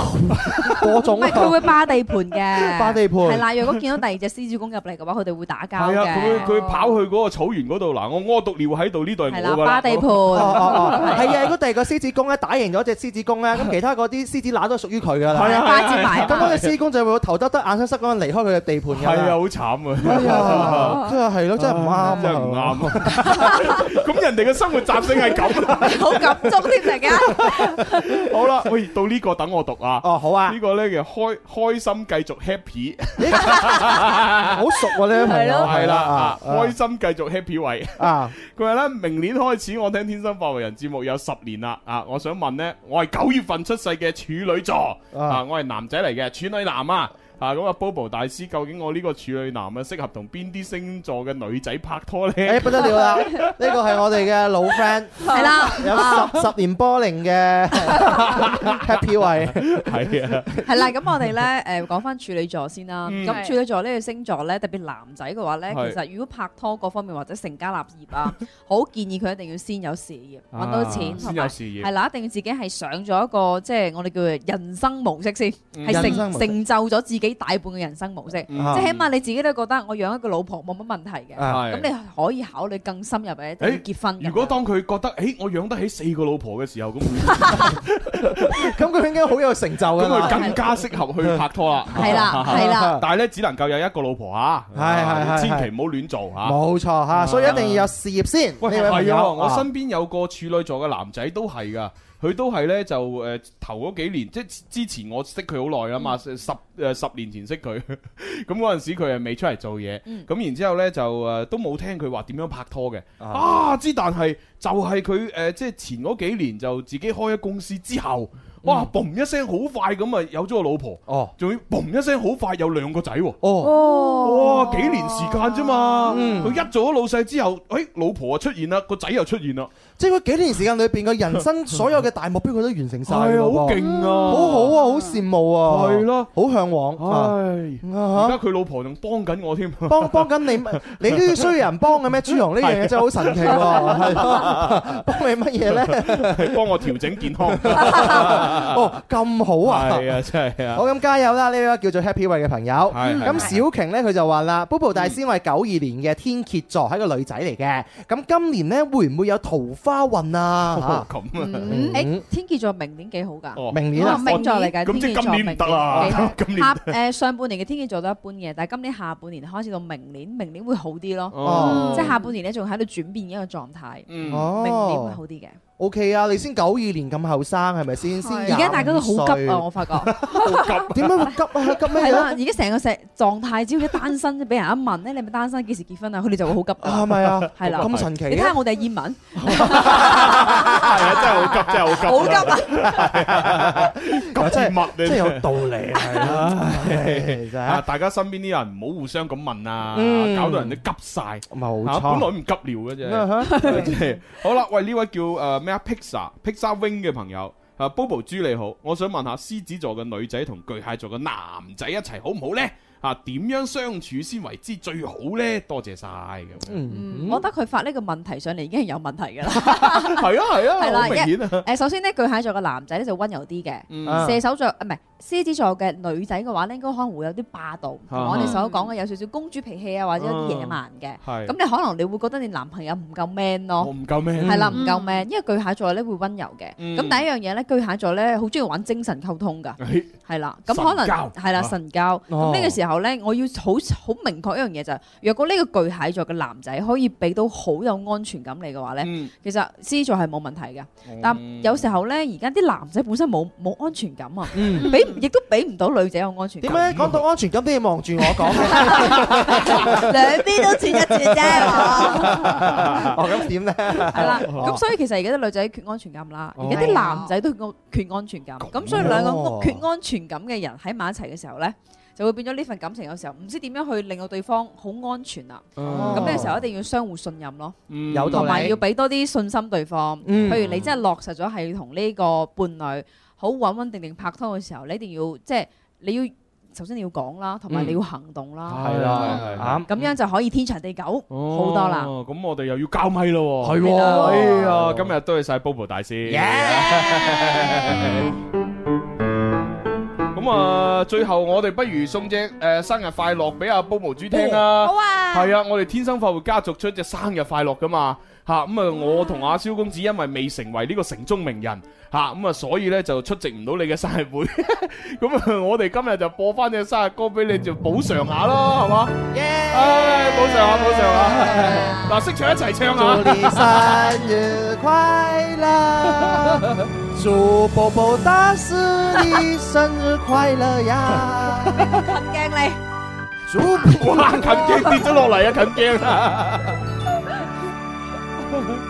播種。唔係佢會霸地盤嘅，霸地盤。係啦，如果見到第二隻獅子公入嚟嘅話，佢哋會打交嘅。係啊，佢佢跑去嗰個草原嗰度嗱，我屙毒尿喺度呢度，係啦，霸地盤。係啊，如果第二個獅子公咧打贏咗隻獅子公咧，咁其他嗰啲獅子乸都係屬於佢噶啦。係啊，八折買。咁嗰隻獅公就會頭耷耷眼失失咁離開佢嘅地盤嘅。係啊，好慘啊！係啊，真係係咯，真係唔啱，真係唔啱。咁人哋嘅生活習性係咁，好集中啲嚟嘅。好啦，喂，到呢個等我讀啊。哦，好啊。呢個咧嘅開開心繼續 happy，好熟嘅係咯，係啦。開心繼續 happy 位啊。佢話咧，明年開始我聽天生發福人。節目有十年啦，啊！我想問呢，我係九月份出世嘅處女座，uh. 啊，我係男仔嚟嘅，處女男啊。啊，咁啊，Bobo 大師，究竟我呢個處女男啊，適合同邊啲星座嘅女仔拍拖咧？誒不得了啦！呢個係我哋嘅老 friend，係啦，有十十年波齡嘅 Happy 位，係啊，係啦。咁我哋咧誒講翻處女座先啦。咁處女座呢個星座咧，特別男仔嘅話咧，其實如果拍拖各方面或者成家立業啊，好建議佢一定要先有事業揾到錢先有事業係啦一定要自己係上咗一個即係我哋叫做人生模式先，係成成就咗自己。大半嘅人生模式，即係起碼你自己都覺得我養一個老婆冇乜問題嘅，咁你可以考慮更深入嘅結婚。如果當佢覺得，誒，我養得起四個老婆嘅時候，咁咁佢應該好有成就嘅，咁佢更加適合去拍拖啦。係啦，係啦。但係咧，只能夠有一個老婆吓，係係，千祈唔好亂做吓。冇錯吓，所以一定要有事業先。喂，係我身邊有個處女座嘅男仔都係噶。佢都係呢，就誒頭嗰幾年，即、呃、係之前我識佢好耐啦嘛，嗯、十誒、呃、十年前識佢，咁嗰陣時佢係未出嚟做嘢，咁、嗯嗯、然之後呢，就誒、呃、都冇聽佢話點樣拍拖嘅，嗯、啊之但係就係佢誒即係前嗰幾年就自己開咗公司之後。哇！嘣一聲好快咁啊，有咗個老婆哦，仲要嘣一聲好快有兩個仔哦，哇！幾年時間啫嘛，佢一做咗老細之後，誒，老婆啊出現啦，個仔又出現啦，即係佢幾年時間裏邊嘅人生所有嘅大目標，佢都完成晒，好勁啊！好好啊，好羨慕啊，係咯，好向往。唉，而家佢老婆仲幫緊我添，幫幫緊你，你都需要人幫嘅咩？朱融呢樣嘢真係好神奇，係咯，幫你乜嘢咧？幫我調整健康。哦，咁好啊！係啊，真係啊！好，咁加油啦！呢位叫做 Happy 位嘅朋友。咁小瓊咧，佢就話啦 Bobo 大師，我係九二年嘅天蠍座，係一個女仔嚟嘅。咁今年咧，會唔會有桃花運啊？咁啊！嗯，天蠍座明年幾好噶？明年啊，星座嚟計，咁即係今年唔得啦。今年下誒，上半年嘅天蠍座都一般嘅，但係今年下半年開始到明年，明年會好啲咯。即係下半年咧，仲喺度轉變一個狀態。明年會好啲嘅。O K 啊，你先九二年咁後生係咪先？而家大家都好急啊！我發覺點解會急啊？急咩？係啦，而家成個社狀態，只要一單身，即係俾人一問咧，你咪單身，幾時結婚啊？佢哋就會好急啊！係咪啊，係啦，咁神奇！你睇下我哋葉文，係啊，真係好急，真係好急，好急啊！急之物咧，真係有道理，係大家身邊啲人唔好互相咁問啊，搞到人都急晒。冇錯，本來唔急聊嘅啫。好啦，喂，呢位叫誒啊，披薩披薩 wing 嘅朋友，啊、uh,，Bobo 豬你好，我想問下獅子座嘅女仔同巨蟹座嘅男仔一齊好唔好呢？啊，點樣相處先為之最好呢？多謝晒。我覺得佢發呢個問題上嚟已經係有問題㗎喇。係啊，係啊，係啦、啊， 啊、明顯誒、啊，首先呢，巨蟹座嘅男仔咧就温柔啲嘅，嗯、射手座啊，唔係。獅子座嘅女仔嘅話呢應該可能會有啲霸道，我哋所講嘅有少少公主脾氣啊，或者有啲野蠻嘅。係，咁你可能你會覺得你男朋友唔夠 man 咯，係啦，唔夠 man。因為巨蟹座咧會溫柔嘅。嗯。咁第一樣嘢咧，巨蟹座咧好中意玩精神溝通㗎。係。係啦，咁可能係啦神交。呢個時候咧，我要好好明確一樣嘢就係，若果呢個巨蟹座嘅男仔可以俾到好有安全感你嘅話咧，其實獅子座係冇問題嘅。但有時候咧，而家啲男仔本身冇冇安全感啊。俾亦都俾唔到女仔有安全感。點解講到安全感都要望住我講嘅？兩邊都轉一轉啫。哦，咁點咧？係啦。咁所以其實而家啲女仔缺安全感啦，而家啲男仔都缺安全感。咁所以兩個缺安全感嘅人喺埋一齊嘅時候咧，就會變咗呢份感情嘅時候唔知點樣去令到對方好安全啦。哦。咁嘅時候一定要相互信任咯。嗯，有道理。同埋要俾多啲信心對方。嗯。譬如你真係落實咗係要同呢個伴侶。好穩穩定定拍拖嘅時候，你一定要即係你要首先你要講啦，同埋你要行動啦，係啦，咁樣就可以天長地久好多啦。咁我哋又要交咪咯喎，係喎，哎呀，今日多謝晒 Bobo 大師。咁啊，最後我哋不如送隻誒生日快樂俾阿 Bobo 豬聽啦，好啊，係啊，我哋天生快活家族出隻生日快樂㗎嘛，嚇咁啊，我同阿蕭公子因為未成為呢個城中名人。吓咁啊，所以咧就出席唔到你嘅生日會，咁 啊、嗯、我哋今日就播翻隻生日歌俾你就補償下咯，好唔好？耶 Yeah,！補償下，補償下！嗱，識唱一齊唱啊！祝你生日快樂， 祝寶寶大師你生日生日快樂呀！藤姜嚟，我話藤姜跌咗落嚟啊，藤姜。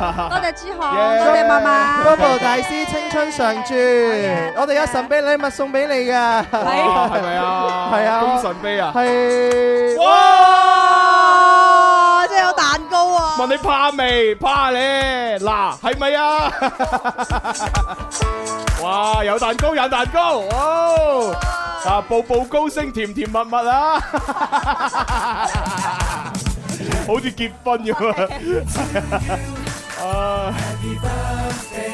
多謝朱浩，多謝嫲嫲，波波大師青春常駐，我哋有神秘禮物送俾你噶，係咪啊？係啊，咁神秘啊？係。哇！真係有蛋糕啊！問你怕未？怕你？嗱，係咪啊？哇！有蛋糕，有蛋糕，哇！啊！步步高升，甜甜蜜蜜啊！好似結婚咁啊！啊！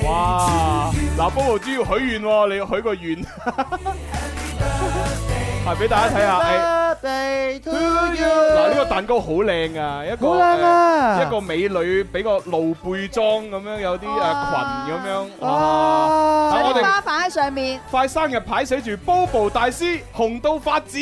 哇！嗱，Bobo 都要許願喎，你要許個願，係俾大家睇下。嗱，呢個蛋糕好靚啊，一個一個美女俾個露背裝咁樣，有啲誒裙咁樣。哇！鮮花擺喺上面，塊生日牌寫住 Bobo 大師紅到發紫。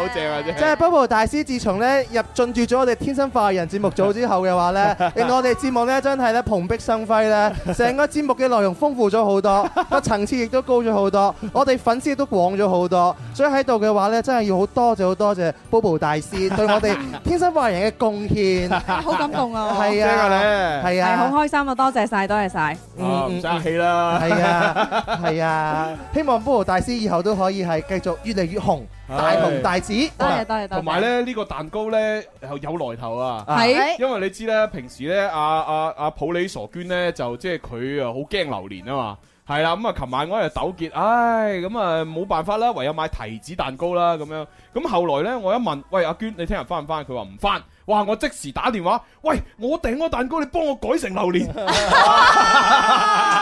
好正啊！即係 Bobo 大師自從咧入進駐咗我哋天生快活人節目組之後嘅話咧，令我哋節目咧真係咧蓬蓽生輝咧，成個節目嘅內容豐富咗好多，個層次亦都高咗好多，我哋粉絲亦都廣咗好多。所以喺度嘅話咧，真係要好多謝好多謝 Bobo 大師對我哋天生快活人嘅貢獻，好感動啊！係啊，係啊，好開心啊！多謝晒！多謝晒！唔爭氣啦！係啊，係啊，希望 Bobo 大師以後都可以係繼續越嚟越紅。大紅大紫，多謝多謝。同埋咧呢，謝謝個蛋糕呢，有有來頭啊，係的、啊，因為你知呢，平時呢，阿阿阿普里傻娟呢，就即係佢啊好驚榴蓮啊嘛，係啦咁啊，琴、嗯嗯、晚我喺度糾結，唉咁啊冇辦法啦，唯有買提子蛋糕啦咁樣，咁、嗯、後來呢，我一問，喂，阿娟你聽日翻唔翻？佢話唔翻。哇！我即時打電話，喂！我訂個蛋糕，你幫我改成榴蓮，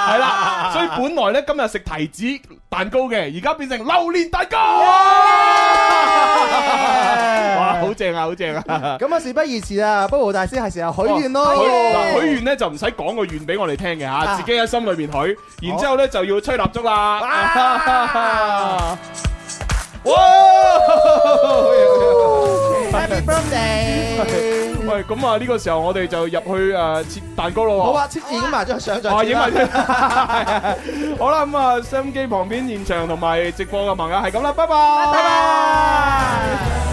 係啦。 所以本來呢，今日食提子蛋糕嘅，而家變成榴蓮蛋糕。Yeah! 哇！好正啊，好正啊！咁、 嗯、啊，事不宜遲啊，不過大師係時候許願咯。哦、許，許願呢，就唔使講個願俾我哋聽嘅嚇，啊、自己喺心裏邊許，然之後呢，哦、就要吹蠟燭啦。啊、 哇！Happy birthday 喂，咁啊，呢個時候我哋就入去誒、uh, 切蛋糕咯。好啊，切、啊、片影埋張相在。影埋、啊、 好啦，咁啊，收音機旁邊現場同埋直播嘅朋友係咁啦，拜拜，拜拜。